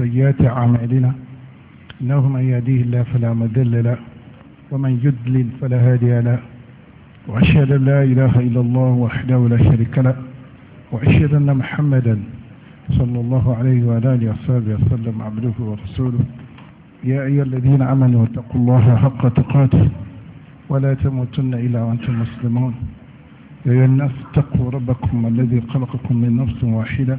سيئات أعمالنا إنه من يهديه الله فلا مذل له ومن يدلل فلا هادي له وأشهد أن لا إله إلا الله وحده لا شريك له وأشهد أن محمدا صلى الله عليه وعلى آله وصحبه وسلم عبده ورسوله يا أيها الذين آمنوا اتقوا الله حق تقاته ولا تموتن إلا وأنتم مسلمون يا أيها الناس اتقوا ربكم الذي خلقكم من نفس واحدة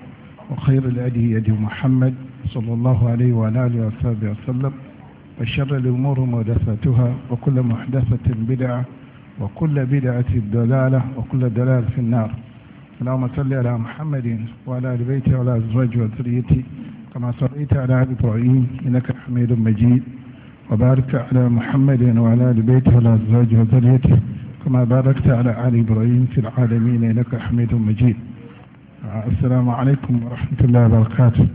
وخير الهدي يد محمد صلى الله عليه وعلى آله وصحبه وسلم وشر الأمور محدثاتها وكل محدثة بدعة وكل بدعة ضلالة وكل ضلاله في النار اللهم صل على محمد وعلى آل بيته وعلى أزواجه وذريته كما صليت على آل إبراهيم إنك حميد مجيد وبارك على محمد وعلى آل بيته وعلى أزواجه وذريته كما باركت على آل إبراهيم في العالمين إنك حميد مجيد asalaamu alaykum wa rahmatulahi wa barakatu.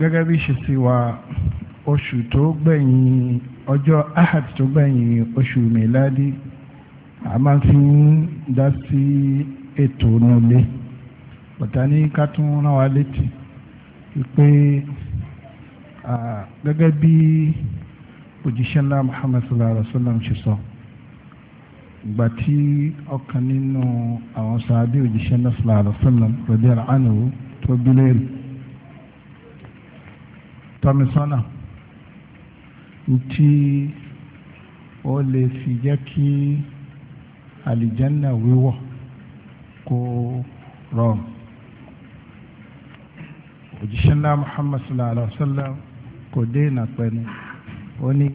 gẹ́gẹ́ bí ṣe sí wa oṣù tó gbẹ̀yìn ọjọ́ ahad tó gbẹ̀yìn oṣù mẹ́ládì a máa fi ń dá sí ètò nulẹ̀ bàtà ní ká tún rán wa létí pé gẹ́gẹ́ bí òjíṣẹ́ ńlá Muhammad sallallahu alaihi wa sallam ṣe sọ. So ìgbà tí ọ̀kan nínú àwọn sàádé òjíṣẹ́ náà sallallahu alaihi wasallam rẹ̀dí àánú tó bílẹ̀rì tọ́mísọ́nà tí ó lè fi jẹ́ kí àlìjánà wíwọ̀ kó rọrùn òjíṣẹ́ náà Muhammad sallallahu alaihi wasallam kò dé ìnà pẹ̀lú ó ní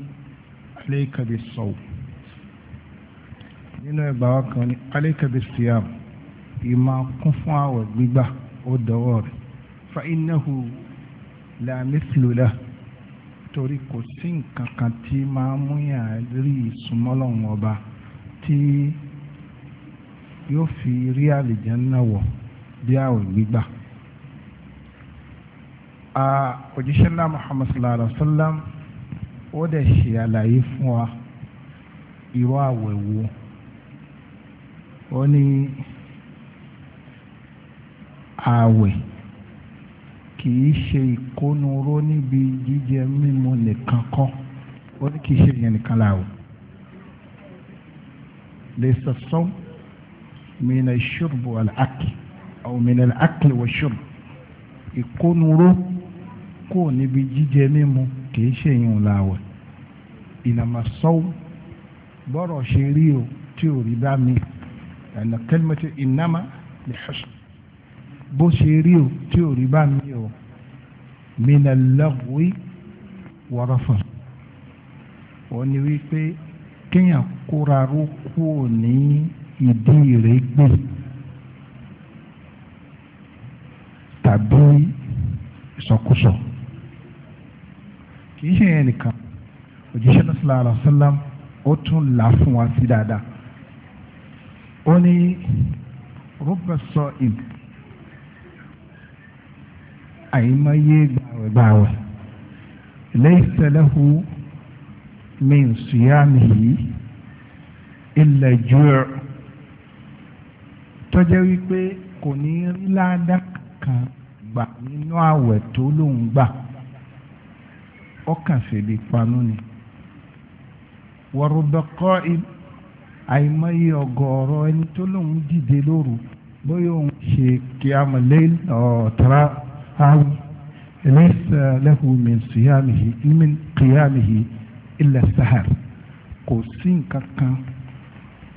alayka bis sawm nínú ẹgbà wa kan ní alaykabi siyam ìmọ̀ kún fún àwẹ̀ gbígbà ó dọwọ́ rẹ̀ fa innahu la mithlu lah torí kò sí nǹkan kan tí máa mú yàn rí ìsúnmọ́lọ́hún ọba tí yóò fi rí àlìjánnà wọ̀ bí àwẹ̀ gbígbà. òjíṣẹ́ ńlá muhammad sallallahu alayhi wa sallam ó dẹ̀ ṣe àlàyé fún wa irú àwẹ̀ wo ó ní ààwẹ̀ kìí ṣe ìkónuró níbi jíjẹ mímu nìkan kọ́ ó ní kìí ṣe ìyẹn nìkan láàwẹ̀ lè sọ̀sọ́ mina ṣùrbù àlàákì àwọn mina àlàákì wọ̀ ṣùrbù ìkónuró kò níbi jíjẹ mímu kìí ṣe ìyẹn láàwẹ̀ ìnàmọ̀sọ́ bọ́rọ̀ ṣe rí o tí ò rí bá mi ẹ̀nà kẹ́límẹ́tì ìnáma لحسن ṣọ́ṣọ́ bó ṣe من اللغو tí ò rí bá mi o mina lọ́wọ́ wọ́rọ́ fún ọ ni wípé kéèyàn kóra ró kúrò ní ìdí rẹ̀ gbé tàbí ìsọkúsọ kì í ṣe yẹn nìkan wa sí dáadáa ó ní rúbà sọ ìb àìmọye gbàwẹ̀gbàwẹ̀ laysa lahu min siyamihi illa ju' tọ́jẹ́ wípé kò ní rí ládàá kan gbà nínú àwẹ̀ tó lóun gbà ọkàn fèdè panu ni wa rúbà qa'ib àìmọye ọ̀gọ̀ọ̀rọ̀ ẹni tó lóun dìde lóru bóyá òun ṣe kíámù lẹ́yìn ọ̀tara awi laysa lahu min siyamihi min qiyamihi illa sahar kò sí nǹkan kan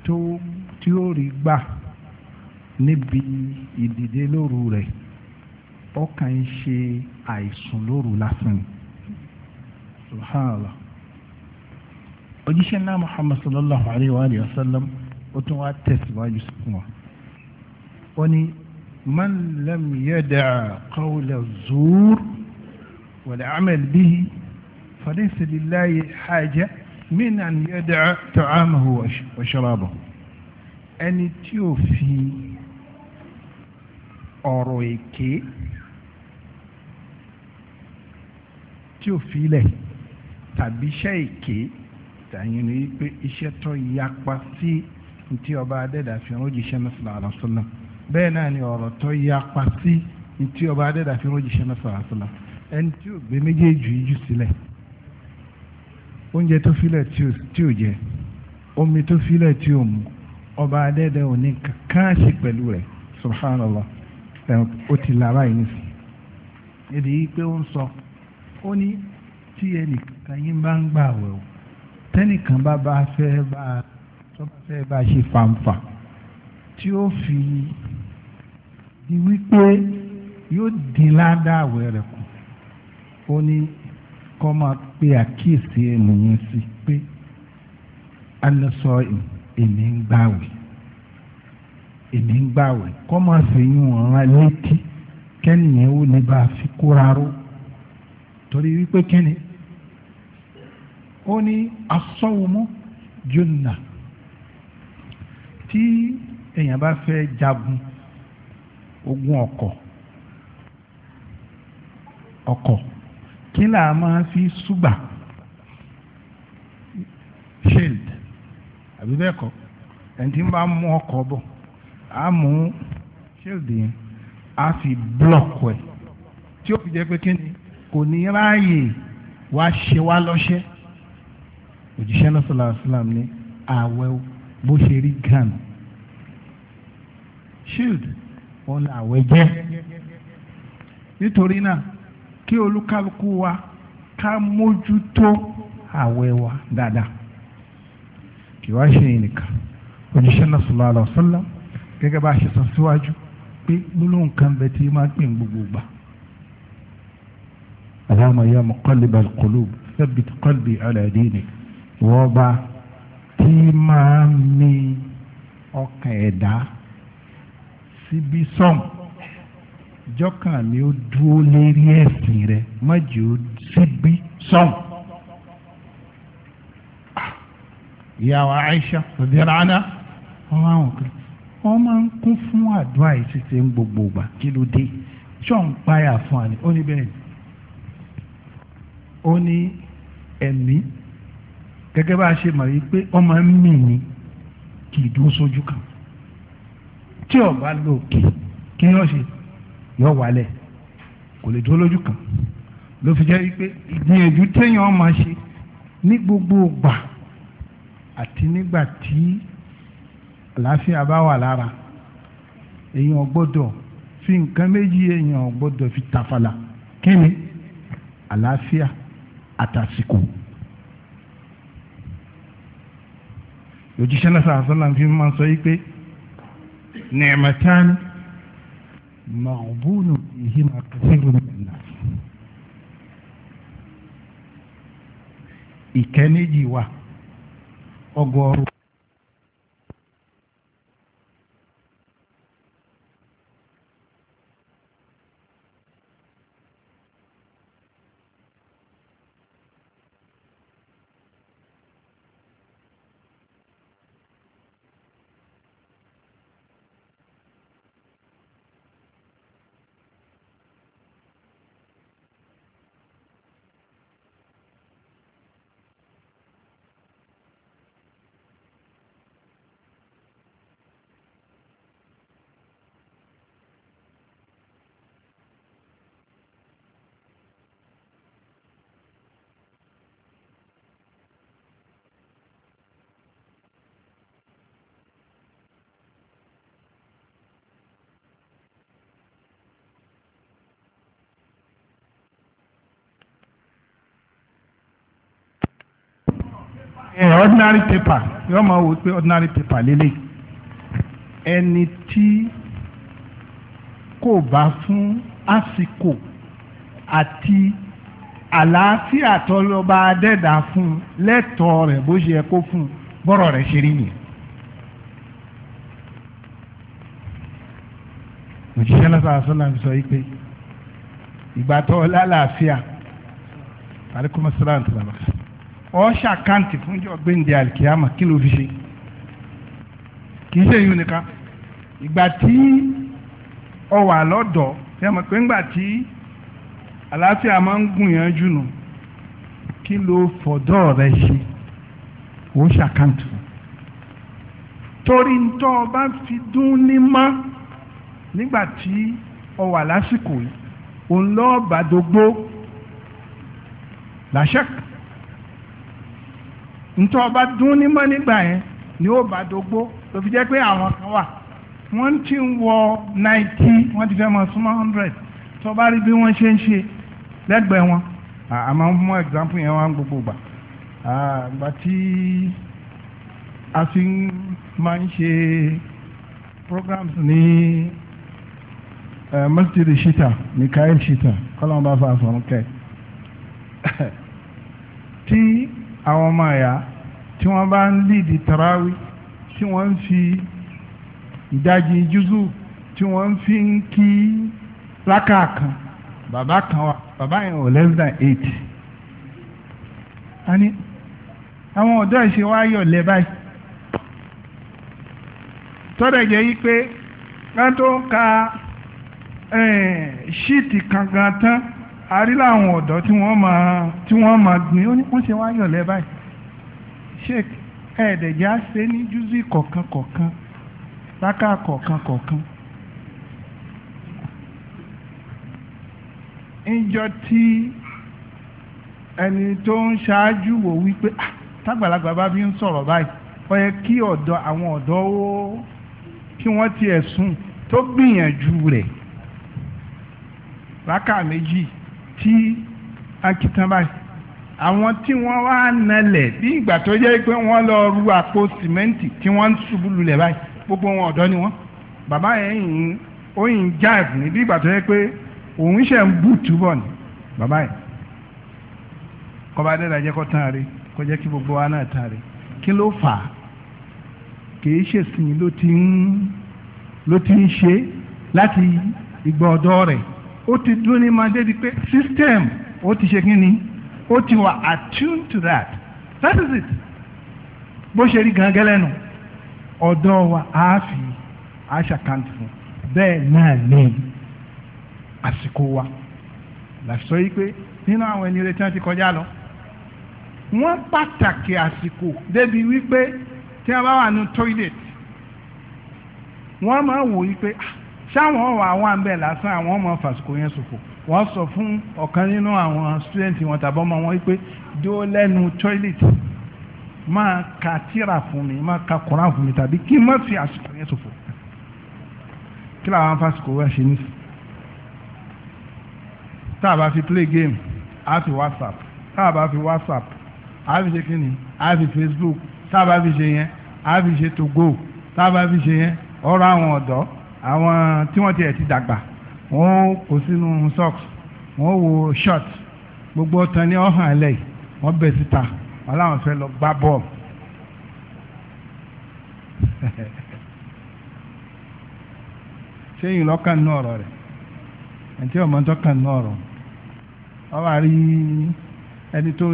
tó tí ó rí gbà níbi ìdìde lóru rẹ̀ ọkàn ń ṣe àìsùn lóru lásán subhanallah òjíṣẹ́ ńlá muhammad sallallahu alayhi wa alihi wa sallam ó tún wá tẹ̀síwájú fún wa ó ní man lam yada' qawla zuur wal amal bihi falaysa lillahi haja min an yada' ta'amahu wa sharabahu ẹni tí ó fi ọ̀rọ̀ èké tí ó fi lẹ̀ tàbí iṣẹ́ èké tàyín ni pé iṣẹ́ tó yapa sí ntí ọba adẹ́dà fi hàn òjíṣẹ́ náà sallallahu alaihi wasallam bẹ́ẹ̀ náà ni ọ̀rọ̀ tó yapa sí ntí ọba adẹ́dà fi hàn òjíṣẹ́ náà sallallahu alaihi wasallam ẹni tí ò gbé méjèèjì jù sílẹ̀ oúnjẹ tó filẹ̀ tí ò jẹ omi tó filẹ̀ tí ò mu ọba adẹ́dẹ́ ò kankan ṣe pẹ̀lú rẹ̀ subhanallah ó ti lára yìí nìsí. èdè yìí pé ó ń sọ ó ní tí ẹnìkan yín bá ń gbà wẹ̀ o tẹ́nìkan bá bá fẹ́ bá tó bá fẹ́ bá ṣe fàǹfà tí ó fi di wípé yóò dín ládàá àwẹ̀ rẹ̀ kù ó ní kọ́ máa pe àkíyèsí ènìyàn sí pé alẹ́sọ èmi ń gbàwẹ̀ èmi ń gbàwẹ̀ kọ́ máa fẹ̀yìn ọ̀ràn létí kẹ́nìyàn ó ní bá a fi kóra ró torí wípé kẹ́nìyàn ó ní asọ́wọ́mọ́ jonna tí èèyàn bá fẹ́ jagun ogun ọkọ̀ ọkọ̀ kí là á máa fi ṣùgbà shield àbí bẹ́ẹ̀ kọ́ ẹni tí ń bá mú ọkọ̀ bọ̀ á mú shield yẹn á fi block ẹ̀ tí ó fi jẹ́ pé kí ni kò ní ráàyè wá ṣe wá lọ́ṣẹ́ òjíṣẹ́ náà sọ̀rọ̀ àṣìlám ní ààwẹ̀ bó ṣe rí gan shield wọn ni ààwẹ̀ jẹ́ nítorí náà kí olúkálukú wa ká mójútó ààwẹ̀ wa dáadáa kì wá ṣe nìkan òjíṣẹ́ náà sọ̀rọ̀ àlọ́sọ́lá gẹ́gẹ́ bá a ṣe sọ síwájú pé gbólóhùn kan bẹ tí máa ń gbogbo gbà. Allahumma ya muqallibal qulub thabbit qalbi ala dinik wọ́ba tí máa ń mi ọkàn ẹ̀dá síbi sọ́m jọ́kàn mi ó dúró lérí ẹ̀sìn rẹ̀ mọ́jì ó síbi sọ́m. Ah, ìyàwó Aisha òbíra ana wọn máa ń kún wọn máa ń kún fún àdúrà yìí ṣíṣe ń gbogbo ìgbà kí ló dé ṣọ́n páyà fún àná ní bẹ́ẹ̀ ni ó ní ẹ̀mí gẹ́gẹ́ bá a ṣe mọ̀ yìí pé ọmọ ń mì ní kì í dúró sójú kan tí ọba lòkè kí yóò ṣe yóò wálẹ̀ kò lè dúró lójú kan ló fi jẹ́ wípé ìgbìyànjú téèyàn máa ṣe ní gbogbo ìgbà àti nígbà tí àlàáfíà bá wà lára èèyàn gbọ́dọ̀ fi nǹkan méjì èèyàn gbọ́dọ̀ fi tàfàlà kí ni àlàáfíà àtàsìkò. òjíṣẹ́ náà sàásánà fi máa sọ yìí pé nìmọ̀tán màbúnù ìhí máa kẹsìrò nìyẹn ìkẹ́ méjì wà ọgọ́rùn Eh, ordinary paper yóò máa wò pé ordinary paper lélẹ̀ ẹni tí kò bá fún àsìkò àti àlàáfíà tọ́lọ́ba adẹ́dà fún lẹ́tọ̀ọ́ rẹ̀ bó ṣe yẹ kó fún bọ́rọ̀ rẹ̀ ṣe rí nìyẹn. òjíṣẹ́ lọ́sàá sọ́nà sọ yìí pé ìgbà tó lálàáfíà àríkùmọ́sílẹ̀ àti bàbá ọ ṣàkáǹtì fúnjọ gbẹ̀ǹdẹ̀ alikiyama kí ló fi ṣe kì í ṣe yìí nìkan ìgbà tí ọ wà lọ́dọ̀ ṣe mọ̀ pé ńgbà tí àlàáfíà máa ń gùn yẹn jù nù kí ló fọ̀dọ̀ rẹ ṣe ó ṣàkáǹtì fún torí ntọ́ ọba fi dún ní mọ́ nígbà tí ọ lásìkò yìí òun lọ́ọ́ bàdógbó làṣẹ́kù ntọ́ ọba dún nímọ̀ nígbà yẹn ni ó bá dógbó ló fi jẹ́ pé àwọn kan wà wọ́n ti ń wọ náìtì wọ́n ti fẹ́ mọ súnmọ́ hundred tó bá rí bí wọ́n ṣe ń ṣe lẹ́gbẹ̀ẹ́ wọn àmọ́ mú example yẹn wá gbogbo gbà àgbà tí a fi máa ń ṣe programs ní masjid shita mikael shita kọ́lọ́mù bá fa àfọ̀rún kẹ́ tí àwọn ọmọ àyà tí wọ́n bá ń líìdì tàràwí tí wọ́n ń fi ìdajì jùzù tí wọ́n ń fi ń kí lákà kan bàbá kan wà bàbá yẹn ò less than eight. a ní àwọn ọ̀dọ́ ìṣe wa yọ̀lẹ̀ báyìí tọ́dẹ̀ jẹ́ yí pé wọ́n tó ka ṣíìtì eh, kankan tán a rí láwọn ọ̀dọ́ tí wọ́n máa tí wọ́n máa gbìn ó ní wọ́n ṣe wáyọ̀ lẹ́ báyìí sheik ẹ̀ẹ́dẹ̀já ṣe ní júzì kọ̀ọ̀kan kọ̀ọ̀kan láká kọ̀ọ̀kan kọ̀ọ̀kan. ìjọ tí ẹni tó ń ṣáájú wò wípé ah, tágbàlagbà bá fi ń sọ̀rọ̀ báyìí ó yẹ kí ọ̀dọ́ àwọn ọ̀dọ́ ó kí wọ́n tiẹ̀ sùn tó gbìyànjú rẹ̀ láká méjì tí akitan báyìí àwọn tí wọ́n wá nalẹ̀ bí ìgbà tó jẹ́ pé wọ́n lọ ru àpò sìmẹ́ǹtì tí wọ́n ń ṣubú lulẹ̀ báyìí gbogbo wọn ọ̀dọ́ ni wọ́n bàbá yẹn yìí ó yìn jáàbù ní bí ìgbà tó jẹ́ pé òun ṣe ń bù túbọ̀ ni bàbá yẹn kọba adéla jẹ́ kó tán rí kó jẹ́ kí gbogbo wa náà tán kí ló fà á kìí ṣèsìn ló ti ń ṣe láti ìgbà rẹ̀ ó ti dún ní máa débi pé system ó ti ṣe kíni ó ti wà attuned to that that is it bó ṣe rí gangan lẹ́nu ọ̀dọ́ wa á fi àṣàkántì fún bẹ́ẹ̀ náà ní àsìkò wa làṣọ yìí pé nínú àwọn ẹni retí wọn ti kọjá lọ wọ́n pàtàkì àsìkò débi wípé tí a bá wà ní toilet wọ́n máa wò yí pé ah ṣáwọn ọ̀wọ̀ àwọn àmbẹ̀ lásán àwọn ọmọ fàṣùkò yẹn ṣòfò wọ́n sọ fún ọ̀kan nínú àwọn student wọn tàbí ọmọ wọn pé dúró lẹ́nu toilet máa ka tíra fún mi máa ka koran fún mi tàbí kí n má fi àṣùkò yẹn ṣòfò kí làwọn fàṣùkò wẹ̀ ṣe nísì tá a bá fi play game a fi whatsapp tá a bá fi whatsapp a fi ṣe kíni a fi facebook tá a bá fi ṣe yẹn a fi ṣe to go tá a bá fi ṣe yẹn ọ̀rọ̀ àwọn ọ̀dọ́ àwọn tí wọ́n tiẹ̀ ti dàgbà wọ́n kó sínú socks wọ́n wo short gbogbo ọ̀tàn ní ọ̀hàn ẹlẹ́ yìí wọ́n bẹ̀ síta wọ́n láwọn fẹ́ lọ gbá bọ́ọ̀lù. ṣé ìlọ kàn ní ọ̀rọ̀ rẹ̀ ẹ̀ntì ọmọ tó kàn ní ọ̀rọ̀ wọ́n wá rí ẹni tó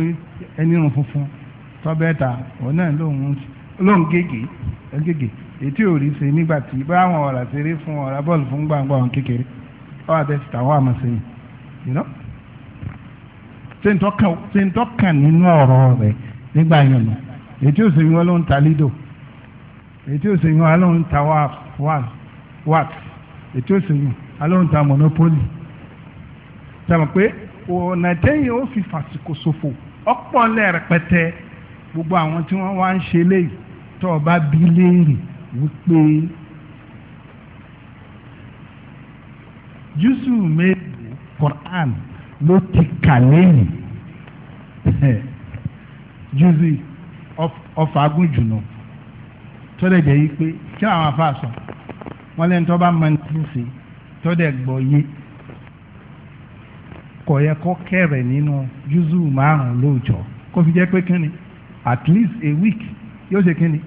ẹni rùn funfun tọ́bẹ̀ẹ́ta òun náà lóun gègé ètí ò rí ṣe nígbà tí bá àwọn ọ̀rà ṣeré fún ọ̀rà bọ́ọ̀lù fún gbàngbà wọn kékeré ọ̀ àtẹ̀sí tàwọn àmọ̀ sẹ́yìn you know ṣe ń tọ́ka nínú ọ̀rọ̀ rẹ̀ nígbà yẹn nù ètí ò sèyí wọn ló ń ta lido ètí ò sèyí wọn ló ń ta wax ètí ò sèyí wọn ló ń ta monopoly sàmà pé ọ̀nà tẹ́yìn ó fi fàsìkò ṣòfò ọ̀pọ̀ lẹ́rẹ̀pẹ̀tẹ̀ gbogbo àwọn tí wọ́n wá ń ṣe léyìí tó o bá bí léèrè wípé jùsù mélòó Quran ló ti kà lẹ́yìn jùsù ọfà agúnjùnà tọ́lẹ̀ jẹ́ yí pé kí àwọn afa sọ wọ́n lẹ́nu tó bá mọ ní ti ṣe tọ́lẹ̀ gbọ́ yé kò yẹ kó kẹrẹ nínú jùsù márùn-ún lóòjọ́ kó fi jẹ́ pé kí ni at least a week yóò ṣe kí ni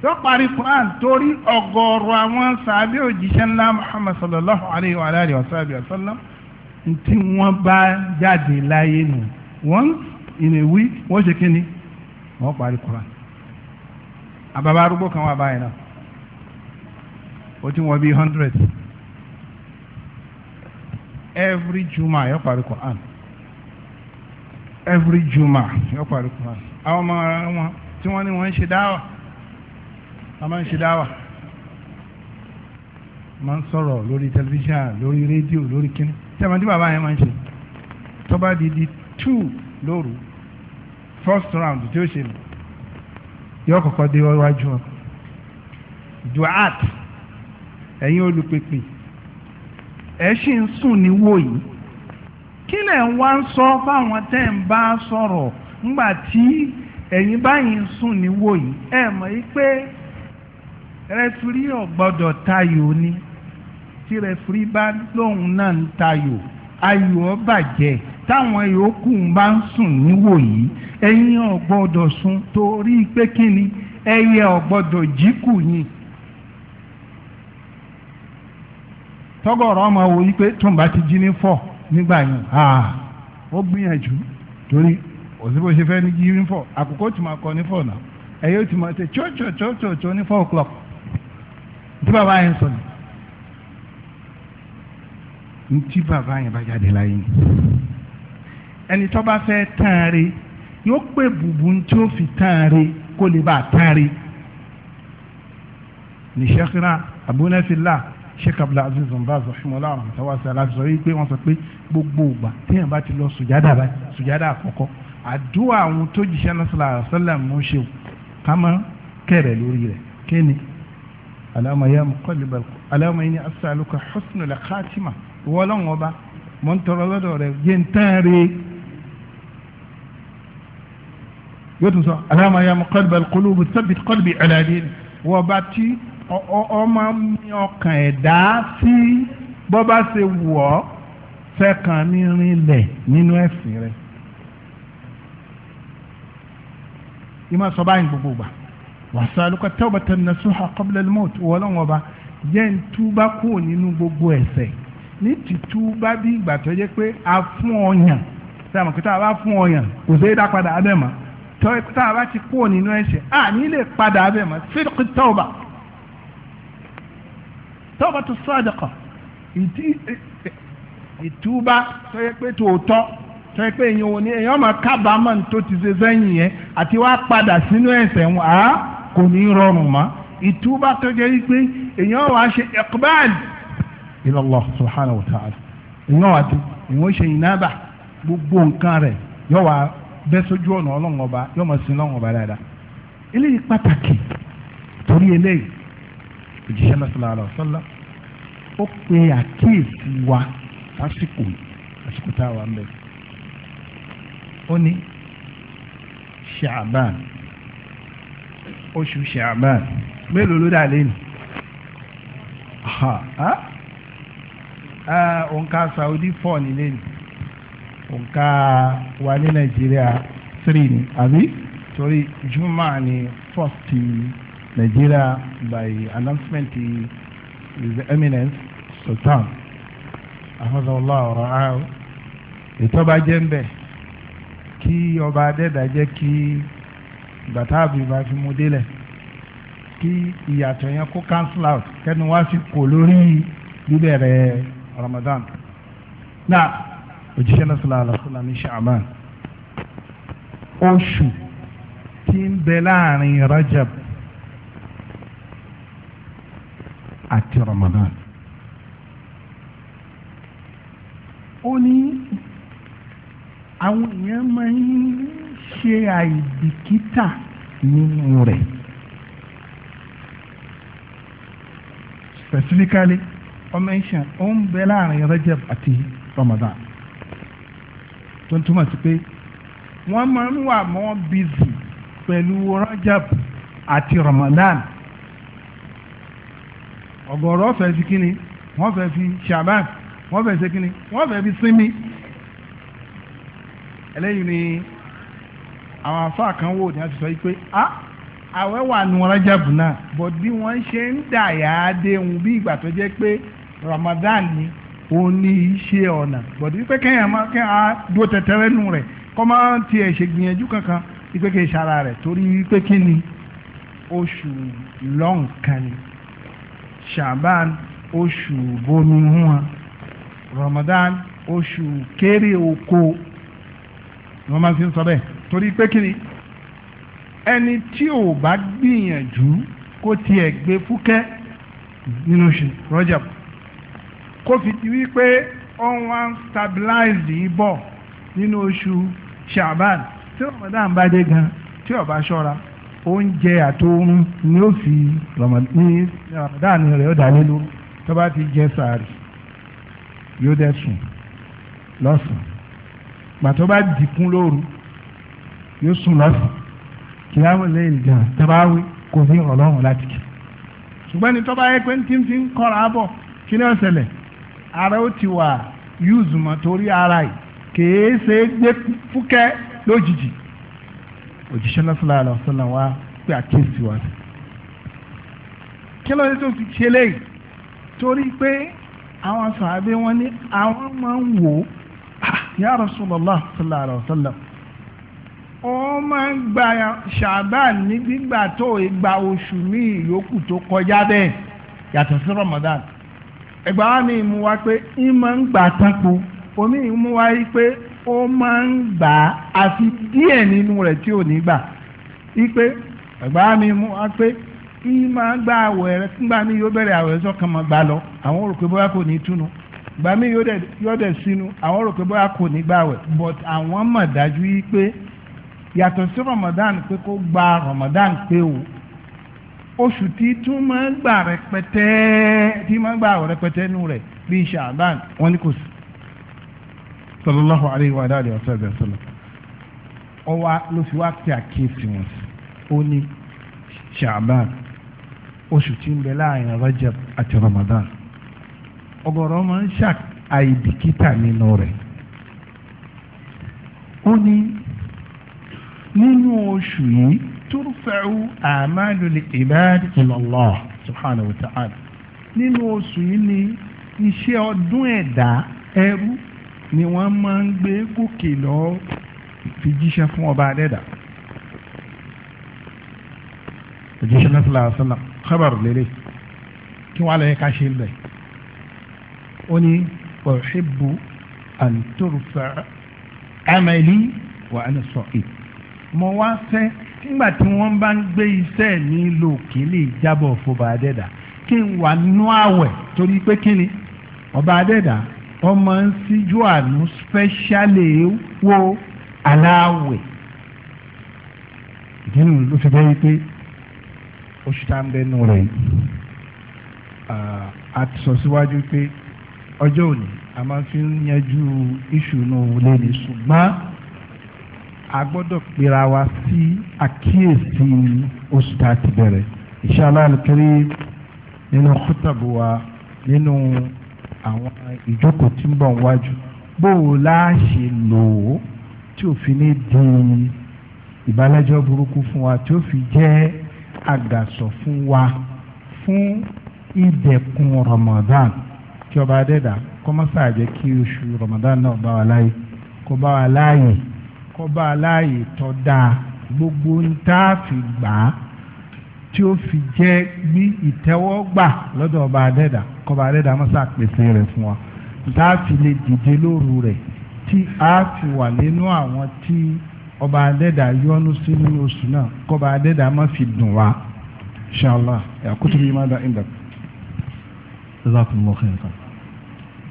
tó parí Quran torí ọ̀gọ̀ọ̀rọ̀ àwọn sàbẹ òjíṣẹ́ ńlá Muhammad sallallahu alayhi wa alayhi wa sàbẹ ọsàlám tí wọ́n bá jáde láyé nù once in a week wọ́n ṣe kíni wọ́n parí Quran àbàbà arúgbó kan wà báyìí náà ó ti wọ́n bíi hundred every juma yóò parí Quran every juma yóò parí Quran àwọn ọmọ wọn tí wọ́n ní wọ́n ń ṣe dáwà a máa ń ṣe dáwà máa ń sọ̀rọ̀ lórí tẹlifíṣàn lórí rédíò lórí kíní tẹ̀mọ́tí bàbá yẹn máa ń ṣe tó di di two lóru first round tí ó ṣe lò yóò kọ́kọ́ dé iwájú wọn duat ẹ̀yin olùpèpè ẹ̀ ṣì ń sùn ní wòyí kí lẹ̀ ń wá ń sọ fáwọn tẹ́ ń bá sọ̀rọ̀ ńgbà tí ẹ̀yin báyìí ń sùn ní wòyí ẹ̀ mọ̀ yí pé rẹfúrí ò gbọ́dọ̀ tayò ni tí rẹfúrí bá lóun náà ń tayò ayò ọ bàjẹ́ táwọn yòókù bá ń sùn níwò yìí ẹ̀yin ò gbọ́dọ̀ sùn torí pé kí ni ẹyẹ ò gbọ́dọ̀ jíkù yìí. tọ́gọ̀rọ̀ ọmọ wo yí pé tóun bá ti jí ní fọ̀ nígbà yẹn ó gbìyànjú torí òsibó ṣe fẹ́ ní jí ní fọ̀ àkókò tí máa kọ ní fọ̀ náà ẹ̀yẹ́ ó ti máa ṣe chọ́ọ̀chọ́ọ̀chọ́ọ̀chọ́ ní four o'clock ntí bàbá yẹn sọ ni ntí bàbá yẹn bá jáde láyé ni ẹni tó bá fẹ́ tán re yóò pè bùbù ntí ó fi tán re kó lè bá tán re ní sẹ́kìrà abúlẹ́fìlà sheikh abdulaziz mbaz rahimola rahmatawasa alasọ yìí pé wọ́n sọ pé gbogbo ìgbà téèyàn bá ti lọ sùjádà bá sùjádà àkọ́kọ́ àdúrà àwọn tó jíṣẹ́ náà sọ̀rọ̀ àṣẹlẹ̀ mú ṣe ká mọ́ kẹrẹ̀ lórí rẹ̀ kéènì aláma yá mu kọ́líbal aláma yìí ni asàlùkà hosùn lè káàtìmà wọ́lọ́n ọba mọ̀ ń tọrọ lọ́dọ̀ rẹ̀ jẹ́ ń tán rí yóò tún sọ aláma yá mu kọ́líbal kọ́líbù sábìt kọ́líbì ẹ̀láàdín wọ́n bá ti ọmọ mi ọkàn ẹ̀dá sí bọ́ bá ṣe wù ọ́ fẹ́kàn mi rinlẹ̀ nínú ẹ̀sìn rẹ̀ ìmọ̀ gbogbo gbà wàsálùkọ tẹ́wọ̀bàtà nasuha qabla al-maut wọ́lọ́wọ́ bá jẹ́ ń túbá kúrò nínú gbogbo ẹ̀ṣẹ̀ ní tìtúbá bí ìgbà tó jẹ́ pé a fún ọyàn sáàmù kí tá a bá fún ọyàn kò sí dá padà abẹ́ mọ́ tá a bá ti kúrò nínú ẹ̀ṣẹ̀ à ní lè padà abẹ́ mọ́ sídìkì tẹ́wọ̀bà tẹ́wọ̀bà tó sọ́ọ̀dẹ̀kọ̀ ìtúbá tó jẹ́ pé tòótọ́ sọ pé èèyàn ò ní èèyàn máa kábàámọ̀ tó ti ṣe sẹ́yìn yẹn àti wá padà sínú ẹ̀ṣẹ̀ wọn àá kò ní rọrùn mọ́ ìtúbà tó jẹ́ wípé èèyàn wàá ṣe iqbal ila Allah subhanahu wa ta'ala èèyàn wàá dùn èèyàn ṣe ìnábà gbogbo nǹkan rẹ̀ yóò wàá bẹ́ sójú ọ̀nà ọlọ́run ọba yóò máa sin ọlọ́run dáadáa eléyìí pàtàkì torí eléyìí òjíṣẹ́ náà sallallahu alaihi ó pe àkíyèsí wa lásìkò àsìkò tá ń bẹ̀ ó ní ṣàbàn oṣù ṣàbán mélòó ló dà lẹ́nu òǹkà Saudi four ní lẹ́nu òǹkà wa ní Nàìjíríà three ni àbí torí juma ni first Nàìjíríà by announcement is the eminence Sultan ahmadullah ọ̀rọ̀ ààrùn ìtọ́ba jẹ́ ń bẹ̀ kí ọba adẹ́dàjẹ́ kí bàtà àbíbá fi mú délẹ̀ kí ìyàtọ̀ yẹn kó cancel out kẹ́ni wá sí kò lórí bíbẹ̀rẹ̀ Ramadan náà òjíṣẹ́ náà sọ̀rọ̀ àlàsọ́là ní Sha'ban oṣù tí ń bẹ láàrin Rajab àti Ramadan ó ní àwọn èèyàn máa ń ṣe àìbìkítà nínú rẹ̀ specifically ọmọ ìṣàn ó ń bẹ láàrin Rajab àti Ramadan tó ń túmọ̀ sí pé wọ́n máa ń wà mọ́ bízì pẹ̀lú Rajab àti Ramadan ọ̀gọ̀rọ̀ fẹ́ fi kíni wọ́n fẹ́ fi Shaban wọ́n fẹ́ ṣe kíni wọ́n fẹ́ fi sinmi eléyìí ni àwọn afáà kan wò ní àtúntò yìí pé a àwẹ̀ wà nù Rajabu náà bọ̀ bí wọ́n ṣe ń dà yà á dé òun bí ìgbà tó jẹ́ pé Ramadan ni òun ní í ṣe ọ̀nà bọ̀ bí pé kẹ́hìn máa kẹ́hìn á dúró tẹ̀tẹ̀rẹ́ nù rẹ̀ kọ́ máa tiẹ̀ ṣe gbìyànjú kankan ipe kì í ṣara rẹ̀ torí pé kí ni oṣù lọ́nkàn ni Ṣàbán oṣù bomi hùwà Ramadan oṣù kéré oko ni wọ́n máa fi sọ bẹ́ẹ̀ torí pé kí ni ẹni tí ò bá gbìyànjú kó tiẹ̀ gbé fúkẹ́ nínú Rajab kó fi ti wí pé ó ń wá stabilize ibọ̀ nínú oṣù Sha'ban tí Ramadan bá dé gan tí ó bá ṣọ́ra oúnjẹ àtòrun ni ó fi Ramadan rẹ̀ ó dálé lórí tó bá ti jẹ sàárì yóò dẹ̀ sùn lọ́sàn-án bá dìkún lóru yóò sùn lọ́sùn kí á wọlé ìjà tẹ́báwí kò ní ọlọ́run láti kí. ṣùgbọ́n ní tọ́ba yẹ pé ní tí ń kọ́ra bọ̀ kí ni ó ṣẹlẹ̀ ara ó ti wà yúùzùmọ̀ torí ara yìí kèé ṣe é gbé fúkẹ́ lójijì òjíṣẹ́ lọ́sọ̀lá àlọ́sọ̀lá wa pé àkíyèsí wa sí. kí ló dé tó fi ṣe léyìí torí pé àwọn sàábé wọn ní àwọn máa ń wò ó ah, yá Rasulullah sallallahu alaihi ó máa ń gba ṣàbán ní gbígbà tó ìgbà oṣù ní ìyókù tó kọjá bẹ́ẹ̀ yàtọ̀ sí Ramadan ẹgbà wa mi mú wa pé ń máa ń gbà tanko omi mú wa yí pé ó máa ń gbà àfi díẹ̀ nínú rẹ̀ tí ò ní gbà yí pé ẹgbà wa mi mú wa pé ń máa ń gba àwẹ̀ rẹ̀ nígbà mi yóò bẹ̀rẹ̀ àwẹ̀ sọ́kàn máa gbà lọ àwọn òrò pé bóyá kò ní túnu ìgbà mi yóò dẹ̀ sínú àwọn òrò pé bóyá kò ní gbà wẹ̀ but àwọn mọ̀ dájú yí yàtọ̀ sí Ramadan pé kó gba Ramadan pé o oṣù tí tún máa gbà rẹpẹtẹ tí máa gbà rẹpẹtẹ nù rẹ bíi Sha'ban wọn ni kò sí sallallahu alayhi wa wa sallam ọwa ló fi wá pé àkíyèsí wọn sí ó ní oṣù tí ń bẹ láàrin Rajab àti Ramadan nínú oṣù yìí turfa'u a'malul ibad ila Allah subhanahu wa ta'ala nínú oṣù yìí ni iṣẹ́ ọdún ẹ̀dá ẹrú ni wọ́n máa ń gbé gòkè lọ fi jíṣẹ́ fún ọba adẹ́dà òjíṣẹ́ náà sallallahu alaihi wasallam kábàrò lélẹ̀ kí wọ́n á lọ́yẹ ká ṣe ń bẹ̀ ó ní uhibbu an turfa amali wa ana sa'id mo wá fẹ́ nígbà tí wọ́n bá ń gbé iṣẹ́ mi lò kí lè jábọ̀ fọba adẹ́dà kí n wà nú àwẹ̀ torí pé kí ni ọba adẹ́dà ọmọ ń síjú àánú spẹ́ṣálì wo aláwẹ̀ ìdí nu ló fi bẹ́ẹ̀ pé oṣù tá à ń bẹ́nu rẹ̀ yìí a ti sọ síwájú pé ọjọ́ òní a máa fi ń yanjú ìṣúná olè ní ṣùgbọ́n a gbọ́dọ̀ pera wa sí àkíyèsí oṣù tá a ti bẹ̀rẹ̀ inshallah alikiri nínú kútàbù wa nínú àwọn ìjókòó tí ń bọ̀ wájú bó o lò ó tí òfin ní di ìbálẹ́jọ́ burúkú fún wa tí ó fi jẹ́ àgàsọ fún wa fún ìdẹ̀kùn Ramadan kí ọba adẹ́dà kọ́mọ́sá jẹ́ kí oṣù Ramadan náà bá wa láàyè kó bá wa láàyè kọba aláàyè tọ́ dáa gbogbo ń tá a fi gbà á tí ó fi jẹ́ bí ìtẹ́wọ́gbà lọ́dọ̀ ọba adẹ́dà kọba adẹ́dà mọ́sá pèsè rẹ̀ fún wa tá a fi lè dìde lóru rẹ̀ tí a fi wà nínú àwọn tí ọba adẹ́dà yọ́nú sí nínú oṣù náà kọba adẹ́dà má fi dùn wá inshallah yakutu bí má da inda. jazakumullahu khairan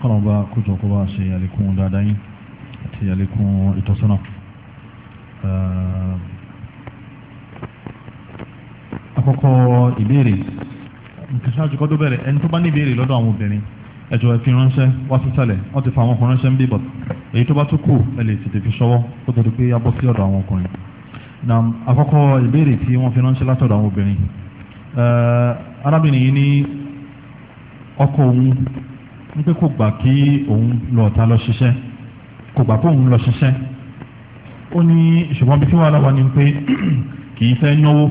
kọ́nà bá kójú ọkọ̀ bá ṣe àlékún dáadáa yín àti àlékún ìtọ́sọ́nà. Ehm, àkọ́kọ́ ìbéèrè ìfẹsẹ̀wájú kọ́ tó bẹ̀rẹ̀ ẹni tó bá ní ìbéèrè lọ́dọ̀ àwọn obìnrin ẹ̀jọ̀ ẹ̀fin ránṣẹ́ wá sísàlẹ̀ wọ́n ti fa àwọn ọkùnrin ránṣẹ́ ń bíbọ̀ èyí tó bá tó kù ẹ lè tètè fi ṣọwọ́ kó tó di pé a bọ́ sí ọ̀dọ̀ àwọn ọkùnrin na àkọ́kọ́ ìbéèrè tí wọ́n fi ránṣẹ́ látọ̀dọ̀ àwọn obìnrin ehm, arábìnrin yìí ní ọkọ òun ní pé kò gbà kí òun lọ́ọ̀ta lọ ṣiṣẹ́ kò gbà kó òun lọ ṣiṣẹ́ ó ní ṣùgbọ́n bí tí wàhálà wà ní pé kì í fẹ́ náwó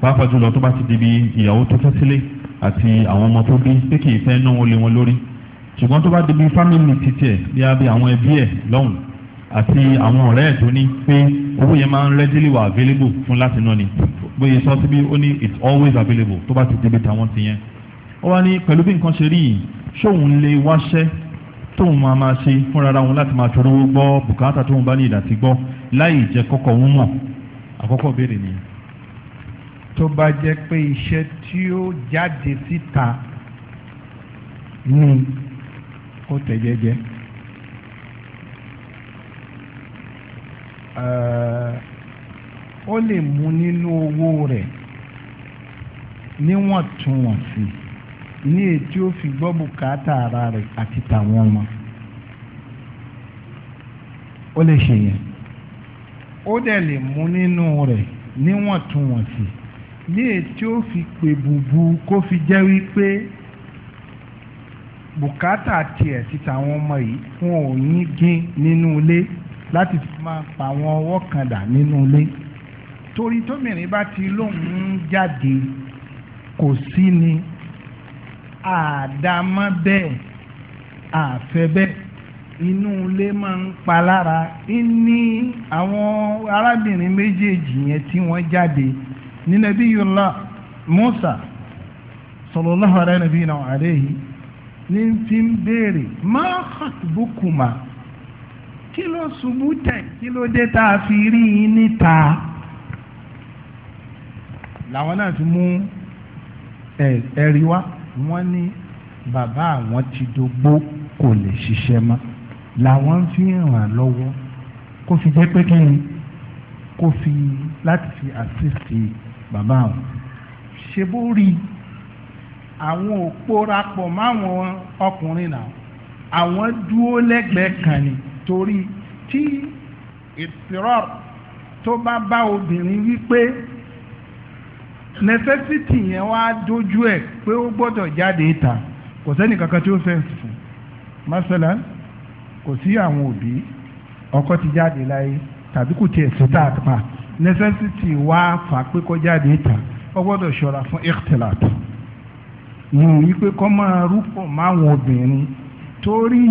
pàápàá jùlọ tó bá ti di bí ìyàwó tó fẹ́ sílé àti àwọn ọmọ tó bí pé kì í fẹ́ náwó lé wọn lórí ṣùgbọ́n tó bá di bí fámìlì títí ẹ̀ bí abẹ́ àwọn ẹbí ẹ̀ lọ́hùn àti àwọn ọ̀rẹ́ ẹ̀ tó ní pé owó yẹn máa ń readily wà available fún láti náà ni bóyá sọ síbi ó ní it's always available tó bá ti débi tàwọn ti yẹn ó wá ní pẹ̀lú bí nǹkan ṣe rí yìí ṣóun lè wáṣẹ́ tóun máa máa ṣe fúnra ara wọn láti máa tọrọ owó gbọ́ bùkátà tóun bá ní ìdàtí gbọ́ láì jẹ́ kọ́kọ́ wọn mọ̀ àkọ́kọ́ béèrè nìyẹn. tó bá jẹ́ pé iṣẹ́ tí ó jáde síta ní kó tẹ̀ jẹ́jẹ́. ó lè mú nínú owó rẹ̀ níwọ̀ntúnwọ̀nsì ní ètí ó fi gbọ́ bùkátà ara rẹ̀ àti tàwọn ọmọ ó lè ṣe yẹn ó dẹ̀ lè mú nínú rẹ̀ níwọ̀ntúnwọ̀nsì ní ètí ó fi pè bùbù kó fi jẹ́ wípé bùkátà tiẹ̀ ti tàwọn ọmọ yìí fún òyìn gín nínú ilé láti fi máa pa àwọn ọwọ́ kan dà nínú ilé torí tómìnrin bá ti lóun jáde kò sí ni àdámọ́ bẹ́ẹ̀ àfẹ́ bẹ́ẹ̀ inú ilé máa ń palára ní àwọn arábìnrin méjèèjì yẹn tí wọ́n jáde ní nabiyullah Musa sallallahu alaihi nabiyina wa alaihi ní fi ń béèrè ma khatbukuma kí ló ṣubú tẹ̀ kí ló dé tá a fi rí i níta làwọn náà fi mú ẹ̀rí wá wọ́n ní bàbá àwọn ti dógbó kò lè ṣiṣẹ́ mọ́ làwọn fi ràn lọ́wọ́ kó fi jẹ́ pé kí ni kó fi láti fi àṣìṣe bàbá àwọn ṣe bó rí àwọn òpó rapọ̀ máwọn ọkùnrin náà àwọn dúó lẹ́gbẹ̀ẹ́ kan ni torí tí ìtìrọ̀ tó bá bá obìnrin wípé necessity yẹn wá dojú ẹ̀ pé ó gbọ́dọ̀ jáde ìta kò sẹ́ni kankan tí ó fẹ́ fún masala kò sí àwọn òbí ọkọ ti jáde láyé tàbí kò tiẹ̀ sí tààpá necessity wá fà pé kó jáde ìta ó gbọ́dọ̀ ṣọ́ra fún ikhtilat yìí wípé kó máa rúpọ̀ máwọn obìnrin torí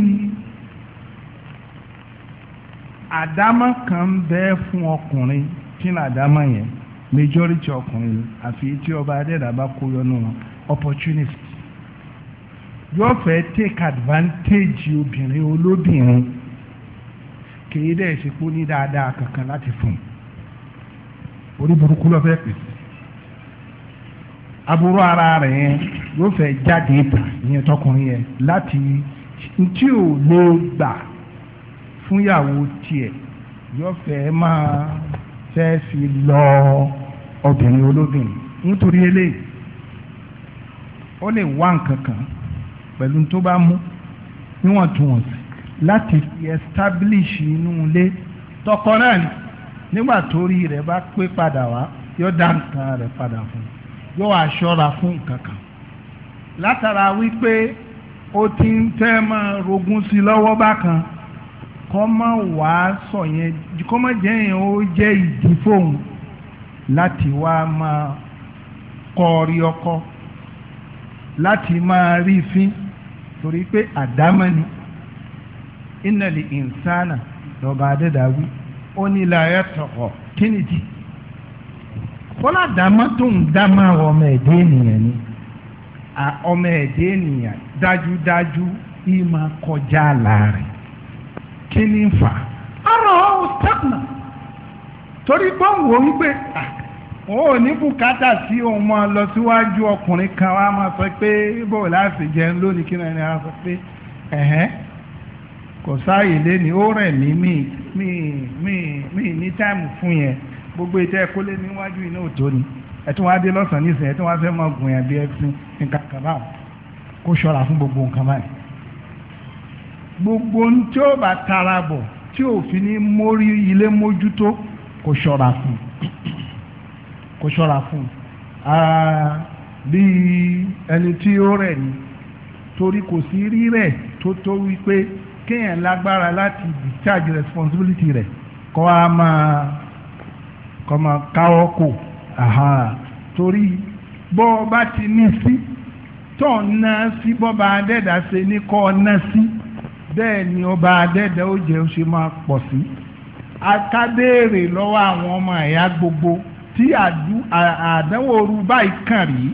àdámọ́ kan bẹ́ẹ̀ fún ọkùnrin kí ni àdámọ́ yẹn majority ọkùnrin àfi tí ọba adẹ́dà bá kó yọnu opportunist yóò fẹ́ take advantage obìnrin olóbìnrin kìí dẹ̀ ṣe kó ní dáadáa kankan láti fún un orí burúkú ló fẹ́ pèsè aburú ara rẹ̀ yẹn yóò fẹ́ jáde ìta ìyẹn tọkùnrin yẹn láti tí ò lè gbà fúnyàwó tiẹ̀ yóò fẹ́ máa fẹ́ fi lọ́ọ́ obìnrin olóbìnrin nítorí eléyìí ó lè wá nǹkan kan pẹ̀lú tó bá mú níwọ̀ntúnwọ̀nsì láti fi establish inú ilé tọkọ náà ni nígbà torí rẹ̀ bá pé padà wá yóò dá nǹkan rẹ̀ padà fún yóò wá ṣọ́ra fún nǹkan kan látara wípé ó ti ń fẹ́ máa rogún sí lọ́wọ́ bákan kọ́ máa wàá sọ yẹn kọ́ máa jẹ́ yẹn ó jẹ́ ìdí fóun láti wá máa kọ́ rí ọkọ láti máa rí fín torí pé àdámọ́ ni innal insana lọ́ba adédáwí ó ní láyé tọ̀kọ̀ kínìtì kọ́lá àdámọ́ tó ń dámọ́ ọmọ ẹ̀dẹ́ ènìyàn ni ọmọ ẹ̀dẹ́ ènìyàn dájúdájú ìmọ̀ kọjá láàrin kí ọ̀rọ̀ ọ̀hún stagna torí pé ń wò wípé wọn ò ní bùkátà sí òun máa lọ síwájú ọkùnrin kan wa máa sọ pé bóò láti jẹun lónìí kí náà ni a sọ pé ẹ̀hẹ́n kò sáàyè lé ní ó rẹ̀ mí mí ní táìmù fún yẹn gbogbo ìtẹ́ kó lé níwájú iná òtó ni ẹ̀tún wá dé lọ́sàn-án nísìnyí ẹ̀tún wá fẹ́ mọ gùn yẹn bí ẹ̀sìn nǹkan kan báwọn kó ṣọ́ra fún gbogbo nǹkan báyìí. gbogbo ohun tí ó bá tara bọ̀ tí òfin ní mórí ilé mójútó kó ṣọ́ra fún kó ṣọ́ra fún bí ẹni tí ó rẹ̀ ni torí kò sí rírẹ̀ tó tó wípé kéèyàn lágbára láti discharge responsibility rẹ̀ kọ́ a máa kọ́ máa káwọ́ kò torí bọ́ ọ bá ti ní sí tó ń ná sí bọ́ba adẹ́dà ṣe ní kọ́ ọ ná sí bẹ́ẹ̀ ni ọba adẹ́dà ó jẹ́ ó ṣe máa pọ̀ sí. Si akábéèrè lọ́wọ́ àwọn ọmọ ẹ̀yà gbogbo tí àdánwò oru báyìí kàn rí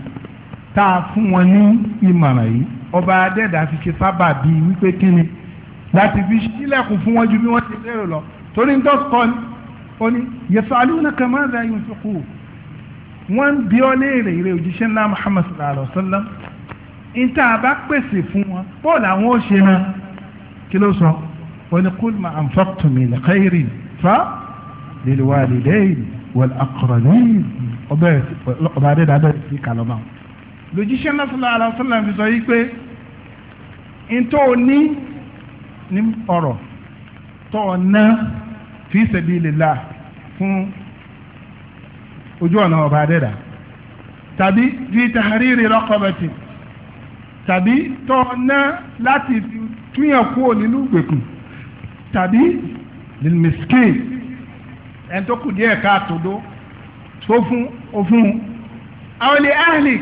tá a fún wọn ní ìmọ̀ràn yìí ọba adẹ́dà fi ṣe sábà bíi wípé kíni láti fi sílẹ̀kùn fún wọn ju bí wọ́n ti lérò lọ torí ń dọ́sọ̀ ni ó ní yasalunaka madha yunfiqu wọ́n ń bí ọ léèrè ìrè òjíṣẹ́ ńlá Muhammad sallallahu alayhi wa sallam níta bá pèsè fún wọn bọ́ọ̀lù àwọn ò ṣe náà kí ló sọ wọn ni qul ma anfaqtum min lilwalidayn wal aqranin ọba adéda bẹ́ẹ̀ sí kàlọ́mà. lójíṣẹ́ náà sallallahu alaihi wasallam fi sọ yìí pé ntọ́ ní ní ọ̀rọ̀ tọ́ ọ̀nà fi sabilillah fún ojú ọ̀nà ọba adéda tàbí fi tahariri raqabati tàbí tọ́ ọ̀nà láti túyàn kúrò nínú ìgbèkùn tàbí lilmiskin ẹni tó kù díẹ̀ káàtó dó tó fún òfun àwọlé ahlik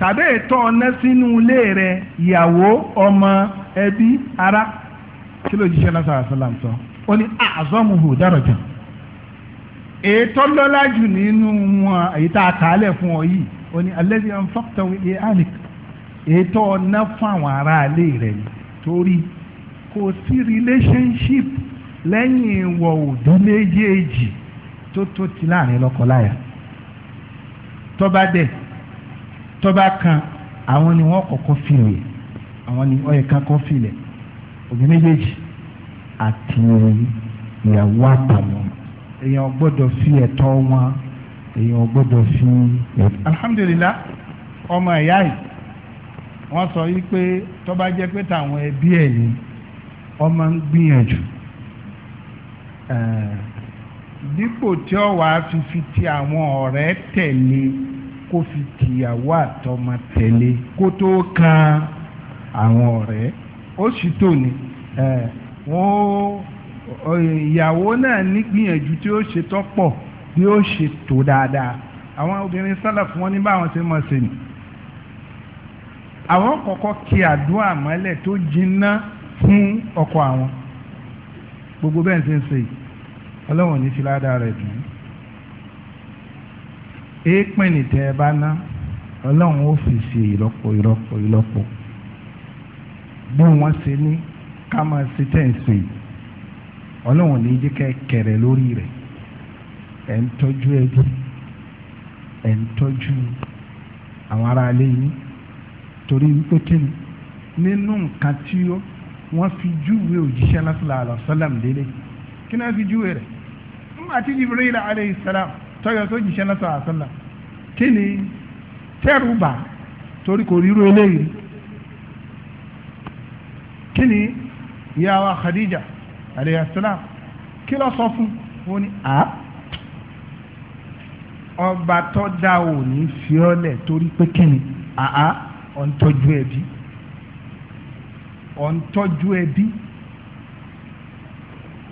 tàbí ètò ọ̀nà sínú ilé rẹ̀ ìyàwó ọmọ ẹbí ara kí ló jíṣẹ́ lásán àṣàlám sọ ó ní àzọ́muhù dárọ̀jà ètò lọ́lá jù nínú wọn èyí tá a kàálẹ̀ fún ọ yìí ó ní alẹ́bí ọ̀nfọ́kítọ̀wé ilé ahlik ètò ọ̀nà fún àwọn ará ilé rẹ̀ ni torí relationship lẹ́yìn wọ òdó méjèèjì tó tó ti láàrin lọ́kọláya tọ́ba dẹ̀ tọ́ba kan àwọn ni wọ́n kọ́kọ́ fìlẹ̀ àwọn ni ọ̀yẹ̀ kan kọ́ fìlẹ̀ òbí méjèèjì àti ìyàwó àtàwọn èèyàn gbọ́dọ̀ fi ẹ̀tọ́ wọn èèyàn gbọ́dọ̀ fi ẹ̀tọ́. alhamdulilah ọmọ ẹ̀yá yìí wọ́n sọ yìí pé tọ́ba jẹ́ pé tàwọn ẹbí ẹ̀ ni ọmọ ń gbìyànjú Eh. dípò tí ó wàá fi fi ti àwọn ọ̀rẹ́ tẹ̀lé kó fi tìyàwó àtọmọ tẹ̀lé kó tó kan àwọn ọ̀rẹ́ ó sì tò ní eh, wọ́n ìyàwó náà nígbìyànjú tí ó ṣe tọ́pọ̀ bí ó ṣe tó dáadáa àwọn obìnrin sálàfù wọn ní báwọn ṣe mọ̀ Awọn ni àwọn kọ́kọ́ kí àdúrà mọ́lẹ̀ tó jinná fún àwọn gbogbo bẹ́ẹ̀ ṣe ń ọlọ́wọ̀n ní filada rẹ̀ dùn èèpẹ̀ nìtẹ́ ẹ bá ná ọlọ́wọ̀n ó fi ṣe ìlọ́pọ̀ ìlọ́pọ̀ ìlọ́pọ̀ bí wọ́n ṣe ní ká máa ṣe tẹ̀sìn ọlọ́wọ̀n ní jẹ́ kẹ́ kẹrẹ lórí rẹ̀ ẹ̀ ń tọ́jú ẹbí ẹ̀ ń tọ́jú àwọn ará ilé yín torí wípé kí nínú nǹkan tí wọ́n fi júwe òjíṣẹ́ lásìlá àlọ́ sálàm délé kí ni fi júwe rẹ̀ àti Jibril alayhi salam tọ́yọ̀ tó jìṣẹ́ náà sọ̀rọ̀ àṣọlá kí ni tẹ́rù bà torí kò ríru eléyìí kí ni ìyàwó Khadija alayhi salam kí ló sọ fún ó ní a ọba tó dá ò ní fiọ́lẹ̀ torí pé kí ni àá ọ̀ ń ẹbí ọ̀ ń tọ́jú ẹbí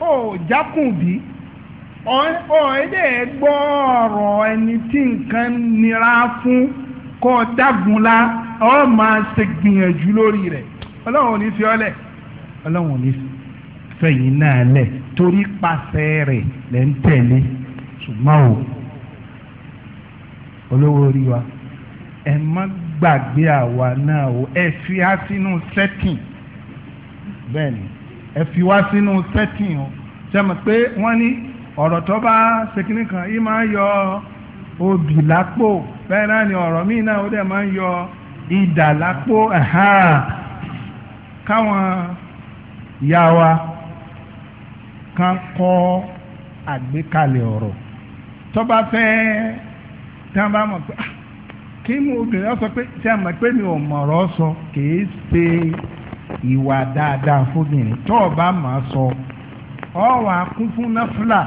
ó jákùn ọ̀ẹ́dẹ̀ gbọ́ ọ̀rọ̀ ẹni tí nǹkan nira fún kọ́ dágunlá ọ máa ṣe gbìyànjú lórí rẹ̀ ọlọ́run ò ní fi ọ́lẹ̀ ọlọ́run ò ní fẹ̀yìn náà lẹ̀ torí pàṣẹ rẹ̀ lẹ́ ń tẹ̀lé ṣùgbọ́n o olówó orí wa ẹ má gbàgbé àwa náà o ẹ fi á sínú sẹ́tìn bẹ́ẹ̀ ni ẹ fi wá sínú sẹ́tìn o ṣe mọ̀ pé wọ́n ní. ọ̀rọ̀ tó bá ṣèkínní kan yìí máa ń yọ obì lápò bẹ́ẹ̀ ni ọ̀rọ̀ míì náà ó dẹ̀ máa yọ ìdà lápò káwọn ìyá wa kan kọ́ àgbékalẹ̀ ọ̀rọ̀ tó bá fẹ́ tí wọ́n bá mọ̀ pé ah, kí mú obìnrin sọ pé tí a mọ̀ pé mi ò sọ kìí ṣe ìwà dáadáa tó o bá sọ ọ wà kún fún náfúlà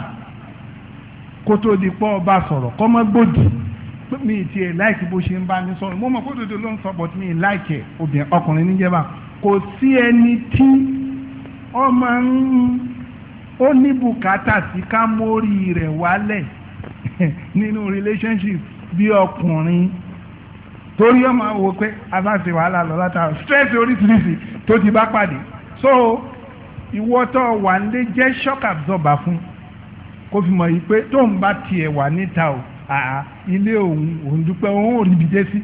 kó tó di pọ́ ọba sọ̀rọ̀ kọ́ gbòdì mi ti ẹ̀ láìkì bó ṣe ń bá mi sọ̀rọ̀ mo mọ̀ kó dodo ló ń sọ but mi láìkì obìnrin ọkùnrin níjẹba kò sí ẹni tí ọmọ ń ó ní bùkátà sí ká mórí rẹ̀ wálẹ̀ nínú relationship bí ọkùnrin torí ọmọ wo pé abáṣe wàhálà lọ látara stress oríṣiríṣi tó ti bá pàdé so ìwọ́tọ̀ wà ń lé jẹ́ shock absorber fún un kó fi mọ̀ yìí pé tóun bá tiẹ̀ wà níta o àá ilé òun òun dúpẹ́ òun ò ríbi dé sí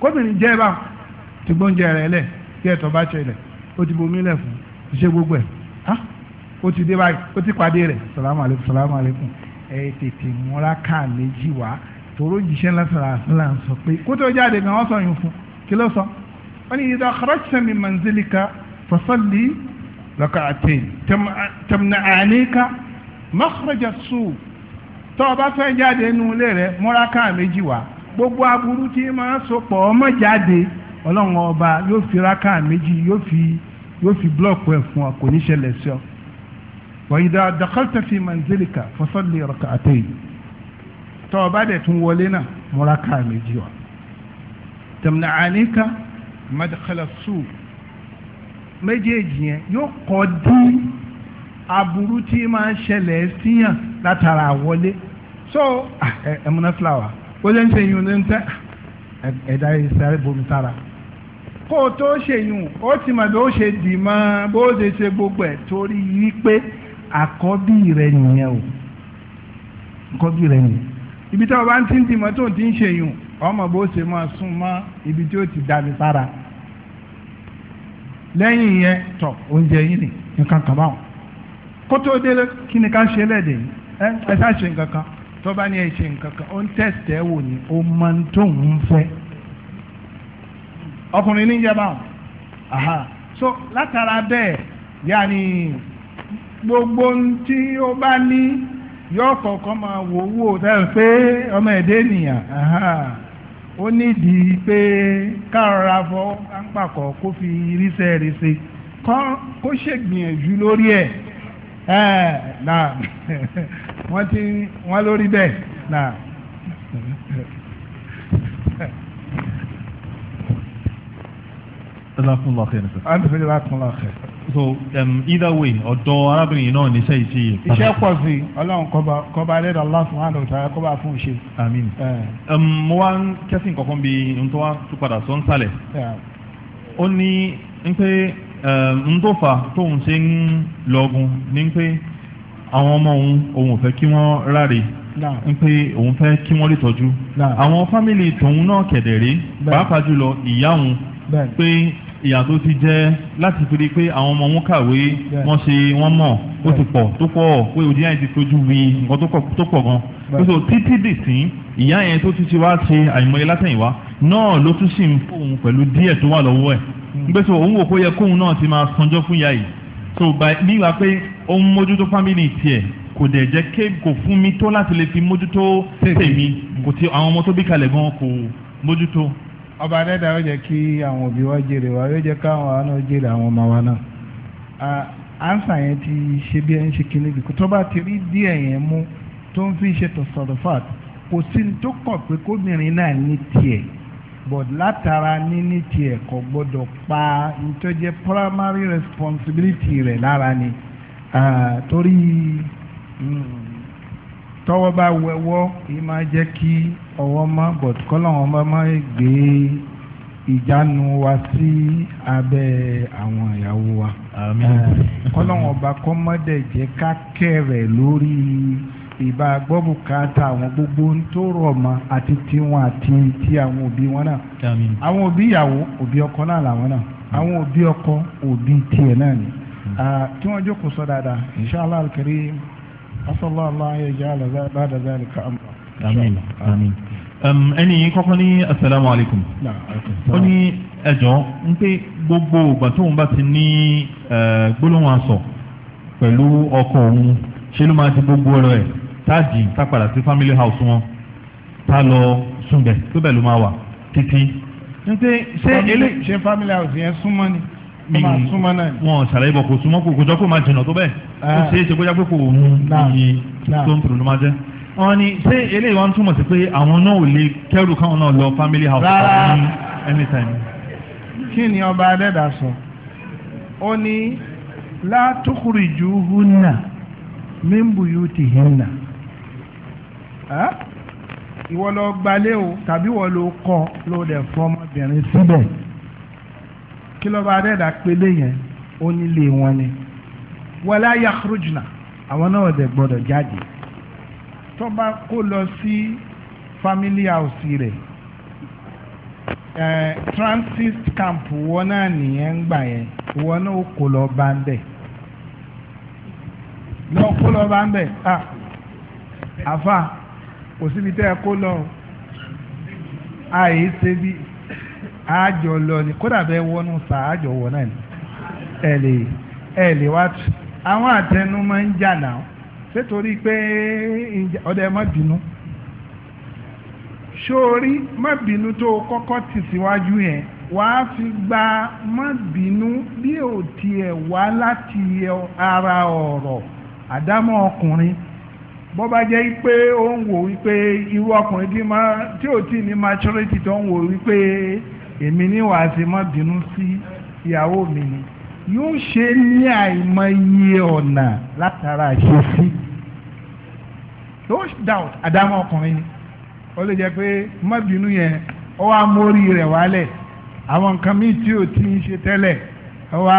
kóbìnrin jẹ́ bá ti gbóúnjẹ rẹ̀ lẹ̀ kí ẹ̀tọ́ bá ṣẹlẹ̀ ó ti bomi lẹ̀ fún ti ṣe gbogbo ẹ̀ á ó ti dé báyìí ó ti pàdé rẹ̀ salamu aleykum salamu aleykum ẹ tètè múra ká méjì wá tòró jíṣẹ́ lásìlá ń sọ pé kó tó jáde gan wọ́n sọ yín fún kí ló sọ wọ́n ní idha kharajta min manzilika fasalli rak'atayn tamna'anika makhraja su tó o bá fẹ́ jáde nínú ilé rẹ múraká méjì wá gbogbo aburú tí máa sopọ̀ ọmọ jáde ọlọ́run ọba yóò fi ráká méjì yóò fi yóò fi blọọkù ẹ̀ fún ọ kò ní ṣẹlẹ̀ sí ọ. wàyídà dakhalta fi manzilika fasalli rak'atayn tó o bá dẹ̀ tún wọlé náà múraká méjì wá. tẹ̀mínà àníkà madkhala su méjèèjì yẹn yóò kọ́ dín. aburú tí máa ń ṣẹlẹ̀ síyàn látara àwọlé so ẹ̀múná flower ó lè ń ṣe yun ní tẹ́ ẹ̀dá ìsáré bomi sára kó o tó ṣe yun ó ti mọ̀ bí ó ṣe dì mọ́ bó ṣe ṣe gbogbo ẹ̀ torí wípé àkọ́bí rẹ̀ nìyẹn o àkọ́bí rẹ̀ ibi tí wọ́n bá ń ti ń dì mọ́ tó ń ti ń ṣe yun ọmọ bó ṣe máa sún ibi tí ó ti dání sára lẹ́yìn yẹn tọ̀ oúnjẹ yìí kan kó tó délé kí ni ká ṣe lẹ́dẹ̀ yìí ẹ ẹ sá ṣe nǹkan kan tó bá ní ẹ ṣe nǹkan kan ó ń tẹ̀sítẹ̀ wò ní ó máa ń tó ń fẹ́ ọkùnrin ní ìjẹba aha so látara bẹ́ẹ̀ yáni gbogbo tí ó bá ní yóò kọ̀ọ̀kan máa wò wò tẹ́lẹ̀ pé ọmọ ẹ̀dẹ́ nìyàn ó nídìí pé kárọ̀ra fọ́ pápákọ̀ kó fi ríṣẹ́ ríṣe kó ṣègbìyànjú lórí ẹ̀ ẹ na wọn ti wọn lórí bẹ́ẹ̀ na. so um, either way ọ̀dọ̀ arábìnrin you know sẹ́yìn tí. iṣẹ́ pọ̀ sí ọlọ́run kọba ẹlẹ́dàá Allah subhanahu wa ta'ala kọba fún ṣe. àmín um, mo wá ń kẹ́sìn kankan bíi n tó wá tún padà sọ ń sálẹ̀ ó ní ń n tó fà tóun ṣe ń lọgun ní pé àwọn ọmọ òun òun ò fẹ́ kí wọ́n ráre ń pé òun fẹ́ kí wọ́n lè tọ́jú àwọn fámìlì tòun náà kẹ̀dẹ̀ rí pàápàá jùlọ ìyá òun pé ìyà tó ti jẹ́ láti fi rí pé àwọn ọmọ wọn kàwé wọ́n ṣe wọ́n mọ̀ ó ti pọ̀ tó pọ̀ pé òdi yẹn ti fojú wi nǹkan tó pọ̀ gan ó sọ títí dì sí ìyá yẹn tó ti ti wá ṣe àìmọye látẹ̀yìnwá náà ló tún sì ń fóun pẹ̀lú díẹ̀ tó wà lọ́wọ́ ẹ̀ nígbà tó òun wò kó yẹ kóun náà ti máa sanjọ́ fún ìyá yìí so nígbà pé òun mójútó fámìlì tiẹ̀ kò dẹ̀ jẹ́ ké kò fún mi tó láti lè fi mójútó tèmi kò ti àwọn ọmọ tó bí kalẹ̀ gan kò mójútó. ọba adẹ́dà yóò jẹ́ kí àwọn òbí wa jèrè wa yóò jẹ́ káwọn wa náà jèrè àwọn ọmọ wa náà ansa yẹn ti ṣe bí ẹni ṣe kíni bìkú tó bá ti rí díẹ̀ yẹn mú tó ń fi ṣe tọ̀sọ̀rọ̀ fat kò sí ní tó kàn pé kóbìnrin náà ní tiẹ̀ but látara níní tiẹ̀ kò gbọ́dọ̀ pa ntọ́jẹ́ primary responsibility rẹ̀ lára ni torí mm, tọ́wọ́ bá wẹwọ́ yìí máa jẹ́ kí ọwọ́ mọ́ but kọ́lọ́wọ́n bá máa gbé ìjánu wa sí abẹ́ àwọn ìyàwó wa kọ́lọ́wọ́n bá kọ́ mọ́dẹ̀ jẹ́ ká kẹ̀rẹ̀ lórí. ìbá gbọ́bùkátà àwọn gbogbo ń tó rọ̀ mọ́ àti tiwọn àti ti àwọn òbí wọn náà àwọn òbí ìyàwó òbí ọkọ náà làwọn náà àwọn òbí ọkọ òbí tiẹ̀ náà ni tí hmm. wọ́n jókòó sọ dáadáa hmm. inṣàlá asọ́lá ẹni kọ́kọ́ ní asalaamualeykum ó ní ẹjọ́ ń gbogbo bá ti ní gbólóhùn gbogbo ọ̀rọ̀ tá a jì tá sí family house wọn tá a lọ sunbẹ̀ tó bẹ̀ ló máa wà títí. n ṣe ṣe ele. ṣe family house yẹn súnmọ́ ni. mi mm. wọn ṣàlàyé bọ̀ kò súnmọ́ kò kò jọ kó máa jìnnà tó bẹ́ẹ̀ ó ah. ṣe é ṣe bóyá pé kò mú iye tó ń tòrò ló máa jẹ́. wọ́n ní ṣé eléyìí wọ́n túmọ̀ sí pé àwọn náà ò lè kẹ́rù káwọn náà lọ family house ní anytime. kí ni ọba adẹ́dà sọ ó ní látòkùrìjú hùnà mímbùyù tìhìnà. ìwọ lọ gbalé o tàbí ìwọ lọ kọ ló dẹ̀ fọmọbìnrin síbẹ̀ kí ló bá dẹ̀ pélé yẹn ó nílé wọn ni wọlé ayakhrujna àwọn náà dẹ̀ gbọ́dọ̀ jáde tó bá kó lọ sí family house rẹ̀ lọ bá ń lọ kó lọ bá ń ah, àfa. kò síbi tẹ́ ẹ kó lọ àyè ṣe bí àjọ lọ ni kódà bẹ́ẹ̀ wọnú sà àjọ wọ náà ni ẹ lè ẹ lè wá tù àwọn àtẹnu máa ń jà náà sétorí pé ọdẹ má bínú sórí má bínú tó kọ́kọ́ tì síwájú yẹn wàá fi gba má bínú bí ò tiẹ̀ wá láti ara ọ̀rọ̀ àdámọ́ ọkùnrin bó bá jẹ́ pé ó ń wò wípé irú ọkùnrin tí máa tí ò tí ní maturity tó ń wò wípé èmi níwàá ṣe má bínú sí ìyàwó mi ni yóò ṣe ní àìmọye ọ̀nà látara àṣeṣí no doubt àdámọ́ ọkùnrin ni ó lè jẹ́ pé má bínú yẹn ó wá mórí rẹ̀ wálẹ̀ àwọn nǹkan míì tí ò tí ń ṣe tẹ́lẹ̀ ó wá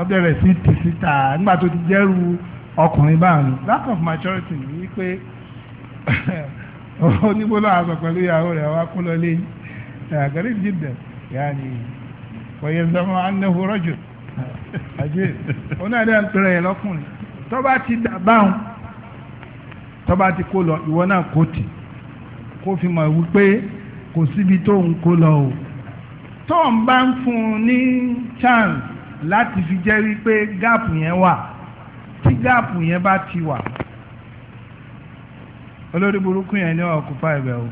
ó bẹ̀rẹ̀ sí tì nígbà tó ti jẹ́rù ọkùnrin báà ni lack of maturity ni wípé onígbóló àṣọ pẹ̀lú ìyàwó rẹ̀ wá kú lọ lé àgẹ́rẹ́ jìdẹ̀ yáni wọ̀nyẹ zọmọ anahu rọ́jò àjẹ́ onáàdé ń pèrè yẹn lọ́kùnrin tọ́ba ti dà báwọn tọ́ba ti kó lọ ìwọ náà kó tì kó fi mọ̀ wípé kò síbi tó ń kó lọ o tó ń bá ń fún un ní chance láti fi jẹ́ wípé gáàpù yẹn wà tí gáàpù yẹn bá ti wà olórí burúkú yẹn ní ọkùpá ibẹ̀ o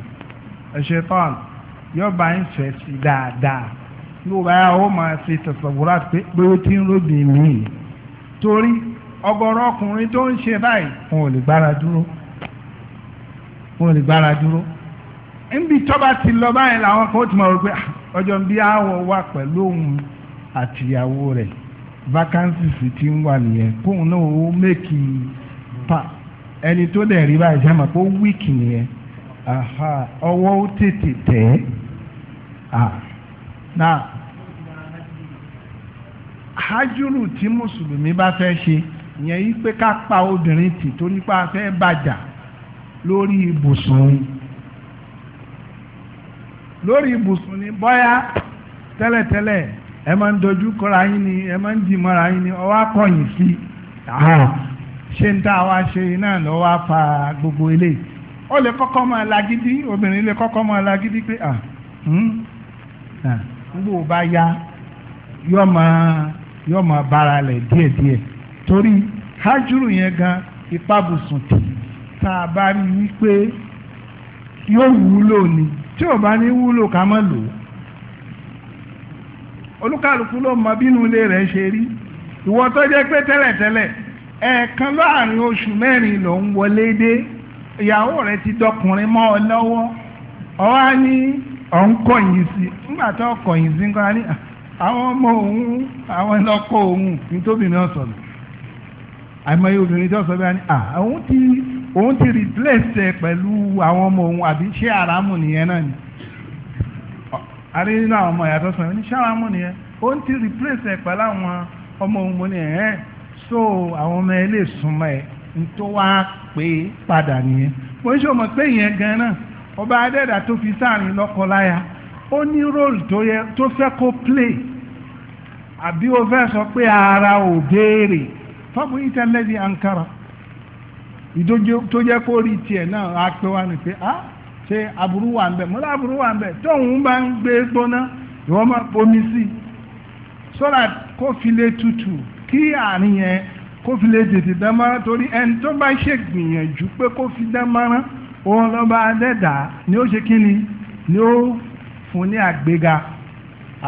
ẹ̀ṣẹ̀ tán yọba ń fẹ́ sí dáadáa yóò bá yà ó máa ṣe tẹ̀sọ̀bùrà pé pé ó ti ń róbì mí torí ọ̀gọ̀rọ̀ ọkùnrin tó ń ṣe báyìí wọn ò lè gbára dúró wọn ò lè gbára dúró níbi tọ́ba ti lọ báyìí làwọn kan ó ti máa rò pé ah, ọjọ́ ń àwọ̀ wà pẹ̀lú òun àtìyàwó rẹ̀ vacancies ti ń wà nìyẹn kóun náà ó mẹ́kì pa ẹni tó dẹ̀ rí báyìí sáà máa pé ó wíìkì nìyẹn ọwọ́ ó tètè tẹ̀ ẹ́ na hajjuru tí mùsùlùmí bá fẹ́ ṣe ìyẹn yí pé ká pa obìnrin tì tó nípa fẹ́ bàjà lórí ibùsùn lórí ibùsùn ni bọ́yá tẹ́lẹ̀tẹ́lẹ̀ ẹ máa ń dojú kọra yín ni ẹ máa ń dì mọ́ra yín ni ọwọ́ akọ̀yìn sí ṣé ń tá a wá ṣe náà lọ́wọ́ fa gbogbo eléyìí ó lè kọ́kọ́ máa lagídí obìnrin lè kọ́kọ́ máa lagídí pé à ngbò bá ya yọ máa yọ máa bára lẹ̀ díẹ̀díẹ̀ torí hájúrù yẹn gan ìpabùsùn tì tá a bá rí i wípé yóò wúlò ni tí ò bá ní wúlò ká má lò ó olúkàlùkù ló mọ bínú ilé rẹ̀ ṣe rí ìwọ tó jẹ́ pé tẹ́lẹ̀tẹ́lẹ̀ ẹ̀ẹ̀kan láàrin oṣù mẹ́rin ló ń wọlé dé ìyàwó rẹ̀ ti dọkùnrin mọ́ ọ lọ́wọ́ ọwá ní ọ̀n kọ̀yìn sí nígbà tó kọ̀yìn sí nǹkan ní àwọn ọmọ òun àwọn ẹlọ́kọ̀ òun nítòbìnrin ọ̀sọ̀rọ̀ àìmọye obìnrin tó sọ bí wọ́n àwọn ti òun ti replace ẹ pẹ̀lú àwọn ọmọ òun àbí ṣé àràmù nìyẹn náà ni. àrí nínú àwọn ọmọ ìyàtọ̀ sọ̀rọ̀ ní ṣáàmù nìyẹn ó ń ti replace ẹ̀ pẹ̀lú àwọn ọmọ òun mo ní ẹ̀hẹ́n so àwọn ọmọ ẹ lè súnmọ́ ẹ̀ tó wá pé padà nìyẹn mo ń ṣe ọmọ pé ìyẹn gan náà ọba adẹ́dà tó fi sáàrin ó ní role tó yẹ tó fẹ́ kó o fẹ́ sọ pé ara ò ankara tó jẹ́ kó rí tiẹ̀ náà ṣé aburú wà ń bẹ̀ mọ́lá aburú wà ń bẹ̀ tóun bá ń gbé gbóná ìwọ́n máa bomi sí i sọ́ra kó fi lè tutù kí àárín yẹn kó fi lè tètè dámọ́rán torí ẹni tó bá ṣe gbìyànjú pé kó fi dámọ́rán òun lọ́ba adẹ́dàá ni ó ṣe kíni ni ó fún ní àgbéga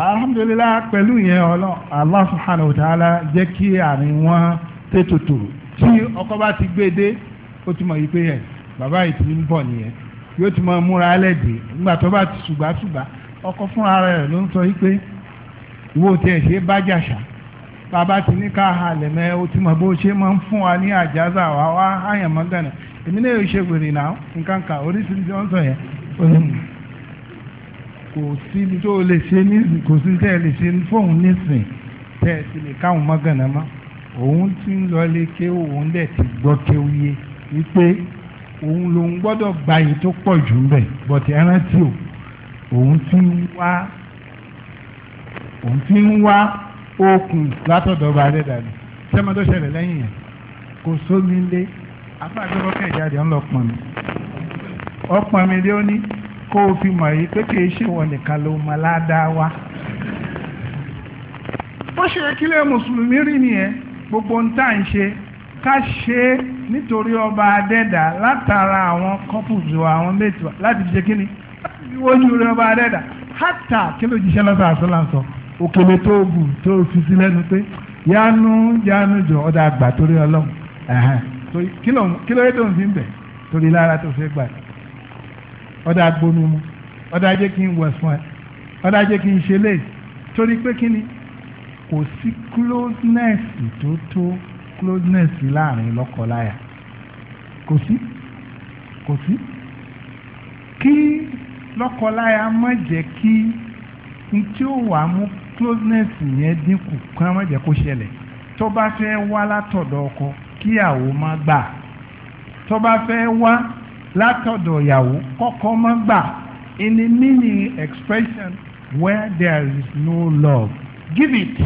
alhamdulilayi pẹ̀lú yẹn ọlọ́run allah subhanahu wa ta'ala jẹ́ kí àárín wọn tètè tòrò tí ọkọ bá ti gbé dé ó ti mọ̀ yí pé yẹn bàbá yìí ti ń bọ̀ nìyẹn yóò ti máa múra lẹ́dẹ̀ nígbà tó bá ti ṣùgbàṣùgbà ọkọ fúnra rẹ̀ ló ń sọ wípé ìwọ tiẹ̀ ṣe bá jàṣà bàbá ti ní ká halẹ̀ mẹ́ o ti mọ̀ bó ṣe máa ń fún wa ní àjàzà wa wá àyàn mọ́ gànà èmi náà yóò ṣe wèrè náà nǹkan kan oríṣiríṣi ọ̀sọ̀ yẹn kò sí tó lè ṣe ní kò sí tẹ́ ẹ lè ṣe fóun nísìn tẹ́ ẹ ti lè káwọn mọ́ gànà mọ́ òun ti ń lọ lé kéwò òun dẹ̀ ti gbọ́ kéwò yé wípé òun ló ń gbọ́dọ̀ gba èyí tó pọ̀ jù ń bẹ̀ but ẹran o òun ti ń wá òun ti ń wá okùn látọ̀dọ̀ ọba adédàlẹ̀ sẹ́mi ṣẹlẹ̀ lẹ́yìn yẹn kò sómi lé apá àgbẹ̀rọ̀ kẹjáde ń lọ pọ̀n mi ọpọ̀n mi lé ó ní kó o fi mọ̀ yìí pé kì í ṣe wọ̀ nìkan ló mọ ládàá wá bó ṣe kílẹ̀ mùsùlùmí rí nìyẹn gbogbo ń tà ń ṣe ká ṣe é nítorí ọba adẹ́dà látara àwọn couples wa àwọn mates wa láti jẹ kí ni wọ́n ju ọba adẹ́dà hátà kí ló jíṣẹ́ lọ́sọ̀ àṣọlá sọ òkèlè tó gùn tó fi sí lẹ́nu pé yánú yánú jọ ọ̀dà àgbà torí ọlọ́run kí ló yẹ tó ń fi ń bẹ̀ torí lára tó fẹ́ gbà ọ̀dà gbónú mu ọ̀dà jẹ́ kí n wọ̀ fún ẹ ọ̀dà jẹ́ kí n ṣe léè torí pé kí ni kò sí closeness tó tó closeness láàrin lọ́kọláya kò sí kò sí kí lọ́kọláya má jẹ́ kí n tí ó wà mú closeness yẹn dínkù kí wọ́n má jẹ́ kó ṣẹlẹ̀ tó bá fẹ́ wá látọ̀dọ̀ ọkọ kíyàwó má gbà tó bá fẹ́ wá látọ̀dọ̀ ìyàwó kọ́kọ́ má gbà in the meaning expression where there is no love give it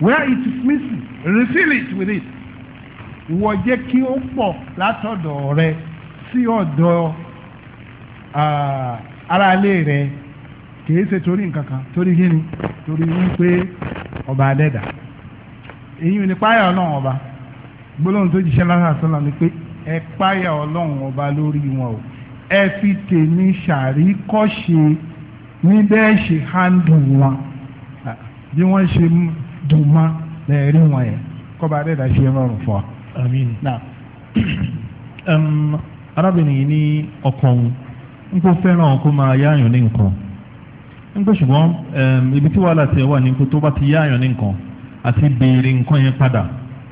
where it is missing refill it with it ìwọ jẹ́ kí ó pọ̀ látọ̀dọ̀ rẹ sí ọ̀dọ̀ aráalé rẹ kìí ṣe torí nǹkan kan torí kí ni torí wípé ọba adẹ́dà èyí ni páyà ọlọ́run ọba gbólóhùn tó jíṣẹ́ lásán sọ́nà ni pé ẹ páyà ọlọ́run ọba lórí wọn o ẹ fi tèmi ṣàríkọ́ṣe ní bẹ́ẹ̀ ṣe handle wọn bí wọ́n ṣe mú dùn na-eri nwa ya, kọ́ba adẹ́dà ṣe rọrùn fún wa. àmín arábìnrin yìí ni ọkọ òun n ibi tí wàhálà tiẹ̀ wà ni kó tó bá ti yáàyàn ni nǹkan àti béèrè nǹkan yẹn padà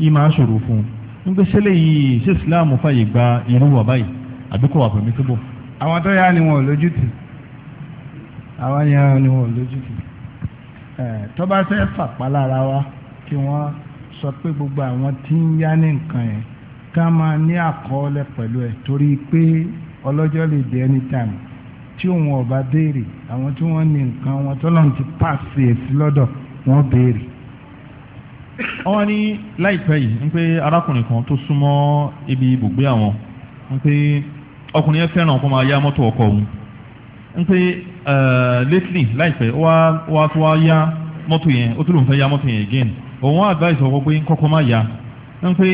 yìí máa ṣòro fún yìí Islam fàyè gba irú wà báyìí àbí wà àwọn tó ni wọn ò lójútì àwọn tó bá fẹ́ fàpá lára wa kí wọ́n sọ pé gbogbo àwọn tí ń yá ní nǹkan yẹn ká máa ní àkọọ́lẹ̀ pẹ̀lú ẹ̀ torí pé ọlọ́jọ́ lè dé anytime tí òun ọba béèrè àwọn tí wọ́n ní nǹkan wọn tọ́lọ́run ti pàṣẹ èsì e lọ́dọ̀ wọ́n béèrè. wọ́n ní láìpẹ́ yìí ń pé arákùnrin kan tó súnmọ́ ibi ibùgbé àwọn ń pé ọkùnrin yẹn fẹ́ràn kó máa yá mọ́tò ọkọ òun ń pé Eh, lately láìpẹ́ wá tó wá yá mọ́tò yẹn ó tó lòun fẹ́ yá mọ́tò yẹn again òun advice ọkọ pé kọ́kọ́ má yá ń pé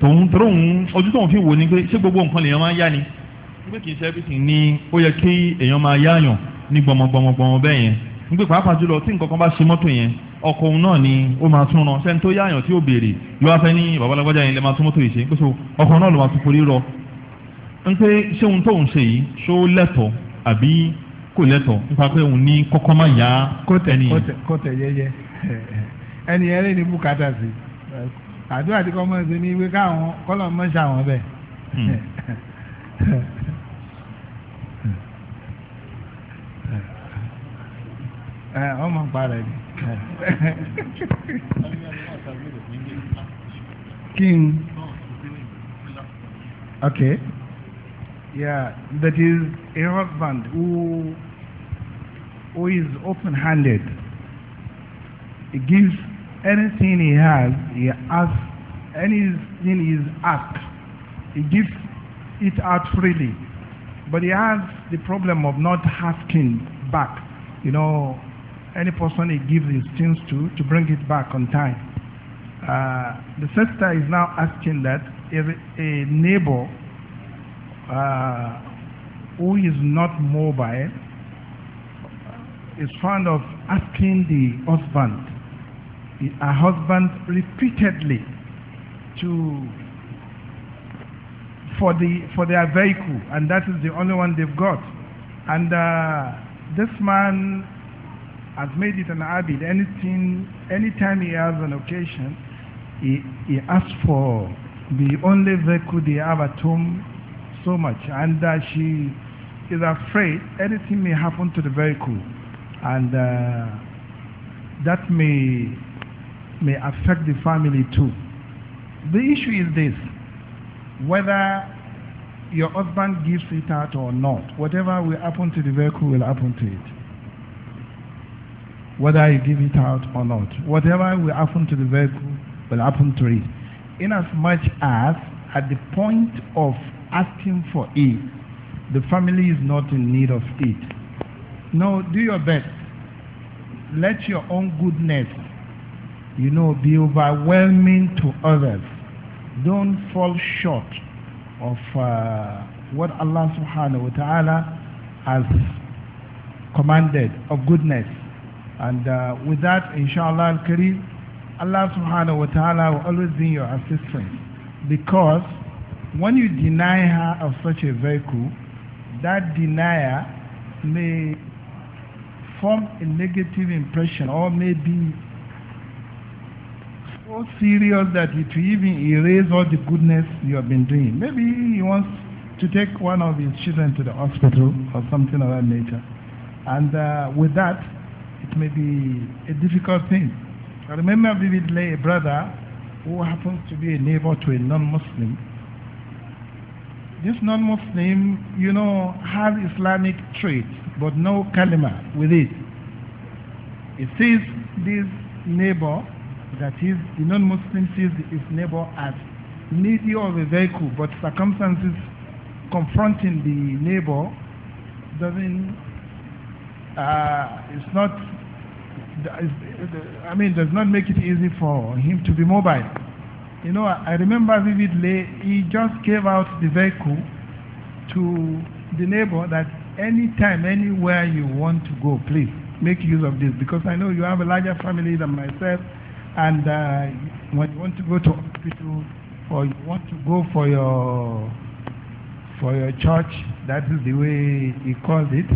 tòun tòun ojú tóun fi wò ni pé ṣé gbogbo nǹkan lèèyàn máa ń yá ni pé kì í ṣe everything ni ó yẹ kí èèyàn máa yáyàn ní gbọmọgbọmọgbọmọ bẹ́ẹ̀ yẹn ń pé pàápàá jùlọ tí nǹkan kan bá ṣe mọ́tò yẹn ọkọ̀ òun náà ni ó máa tún ran sẹ́ni tó yáyàn tí ó béèrè yóò wá fẹ́ ní babalágbájá yẹn lè máa tún mọ́tò yìí ṣe pé so ọkọ̀ náà ló máa tún forí rọ ń pé ṣé ohun tóun ṣe yìí ṣó lẹ́tọ̀ọ́ àbí kò lẹ́tọ̀ nípa pé òun ní kọ́kọ́ má yá ẹni yẹn. kọ́tẹ̀ yẹyẹ ẹni yẹn lè ní bùkátà sí àdúrà tí kọ́ mọ́ ẹ sí ní wí káwọn kọ́lọ̀ mọ́ ṣàwọn bẹ́ẹ̀. ẹ hmm. eh, ọmọ ń parẹ ni. kí n. okay. Yeah, that is a husband who, who is open-handed. He gives anything he has, he asks, anything is asked, he gives it out freely. But he has the problem of not asking back. You know, any person he gives his things to, to bring it back on time. Uh, the sister is now asking that if a neighbor Uh, who is not mobile is fond of asking the husband, a husband repeatedly to for the for their vehicle, and that is the only one they've got. And uh, this man has made it an habit. Anything, anytime he has an occasion, he, he asks for the only vehicle they have at home so much, and uh, she is afraid anything may happen to the vehicle, and uh, that may may affect the family too. The issue is this: whether your husband gives it out or not, whatever will happen to the vehicle will happen to it. Whether you give it out or not, whatever will happen to the vehicle will happen to it. Inasmuch as at the point of asking for aid. The family is not in need of aid. No, do your best. Let your own goodness, you know, be overwhelming to others. Don't fall short of uh, what Allah subhanahu wa ta'ala has commanded of goodness. And uh, with that, inshallah al-kareem, Allah subhanahu wa ta'ala will always be your assistant because when you deny her of such a vehicle, that denier may form a negative impression or may be so serious that it will even erase all the goodness you have been doing. Maybe he wants to take one of his children to the hospital or something of that nature. And uh, with that, it may be a difficult thing. I remember vividly a brother who happens to be a neighbor to a non-Muslim this non-Muslim, you know, have Islamic traits, but no kalima with it. It sees this neighbor, that is, the non-Muslim sees his neighbor as needy of a vehicle, but circumstances confronting the neighbor doesn't, uh, it's not, I mean, does not make it easy for him to be mobile. You know, I remember vividly, he just gave out the vehicle to the neighbor that anytime, anywhere you want to go, please make use of this because I know you have a larger family than myself and uh, when you want to go to hospital or you want to go for your for your church, that is the way he calls it.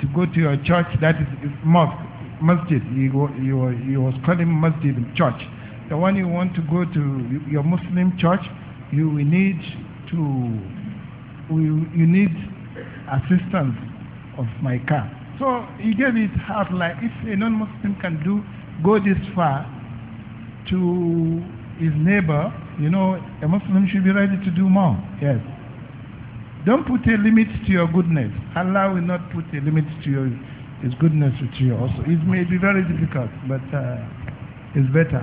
To go to your church, that is mosque, masjid. He, he, he was calling masjid church. The one you want to go to your Muslim church, you need to you need assistance of my car. So he gave it heart like if a non-Muslim can do go this far to his neighbor, you know, a Muslim should be ready to do more. Yes. Don't put a limit to your goodness. Allah will not put a limit to your His goodness to you also. It may be very difficult, but uh, it's better.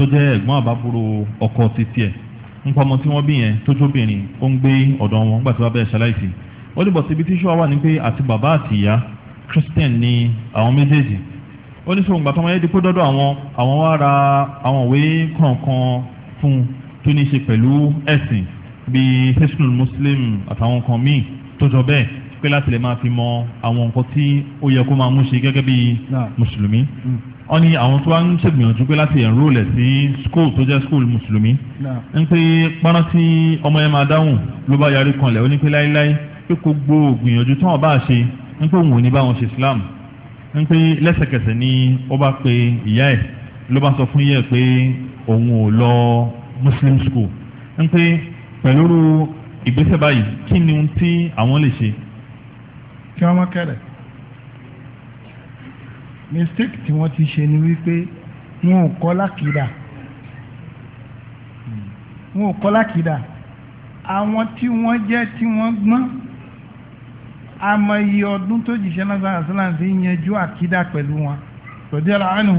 tó jẹ́ ẹ̀gbọ́n àbábúrò ọkọ títí ẹ̀ nípa ọmọ tí wọ́n bí yẹn tó jóbìnrin ó ń gbé ọ̀dọ̀ wọn nígbà tí wọ́n bẹ̀rẹ̀ ṣaláìsí ó ní bọ̀sibí tí ṣọ́wá wà ní pé àti bàbá àti ìyá christian ni àwọn méjèèjì ó ní sọ̀rọ̀ gbàtọ́ wọn yé di pé dọ́dọ̀ àwọn àwọn wá ra àwọn òwe kọ̀ọ̀kan fún un tó ní ṣe pẹ̀lú ẹ̀sìn bíi hesnul muslim àtàwọn kan míì tó jọ bẹ́ẹ̀ pé láti lè máa fi mọ àwọn nǹkan tí ó yẹ kó máa mú ṣe gẹ́gẹ́ bíi mùsùlùmí mm wọ́n ní àwọn tó wá ń ṣègbìyànjú pé láti enroll ẹ̀ sí school tó jẹ́ school mùsùlùmí ń pé pọ́nrán tí ọmọ yẹn máa dáhùn ló bá yarí kanlẹ̀ ó ní pé láíláí pé kò gbó gbìyànjú tí wọ́n bá ṣe ń pé òun ò ní bá wọn ṣe Islam ń pé lẹ́sẹ̀kẹsẹ̀ ni ó bá pe ìyá ẹ̀ ló bá sọ fún yẹ̀ pé òun ò lọ Muslim school ń pé pẹ̀lú ìgbésẹ̀ báyìí kí ni ohun tí àwọn lè ṣe. kí wọ́n mọ́ kẹ́rẹ̀ẹ́ mistake tí wọ́n ti ṣe ni wípé wọn ò kọ́ lákìdá wọn ò kọ́ lákìdá àwọn tí wọ́n jẹ́ tí wọ́n gbọ́n amọye ọdún tó jìṣẹ́ lásán àṣìláàn ti yanjú àkídá pẹ̀lú wọn lọ́dí ọ̀la àánú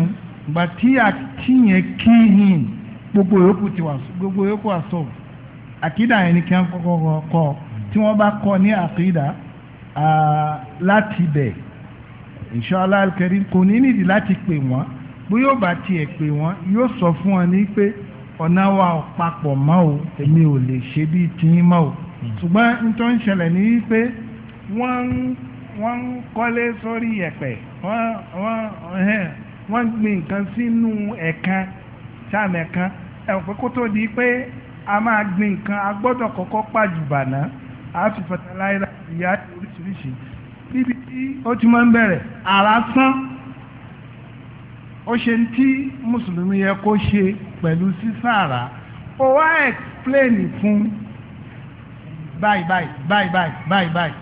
gbà tí àkíyàn kíhìn gbogbo yòókù ti wà gbogbo yòókù àṣọ àkídá yẹn ni kí wọ́n kọ́kọ́ kọ́ tí wọ́n bá kọ́ ní àkídá láti bẹ̀ inshallah alkarim kò ní nídìí láti pè wọ́n bóyá ó bá tiẹ̀ pè wọ́n yóò sọ fún ọ ní pé ọ̀nà wa ò papọ̀ mọ́ o èmi ò lè ṣe bíi tiyín mọ́ o hmm. ṣùgbọ́n n tó ń ṣẹlẹ̀ ní pé wọ́n ń wọ́n ń kọ́lé sórí ẹ̀pẹ̀ wọ́n wọ́n wọ́n gbin nǹkan sínú ẹ̀kan sáàmì ẹ̀kan ẹ̀wọ̀n pé kó tó di pé a máa gbin nǹkan a gbọ́dọ̀ kọ́kọ́ pàjùbà náà a fi fertilizer ìyá oríṣiríṣi níbi tí ó ti máa ń bẹ̀rẹ̀ àrà sán ó ṣe ń tí mùsùlùmí yẹ kó ṣe pẹ̀lú sísàrà ó wá explain fún báyìí báyìí báyìí báyìí báyìí báyìí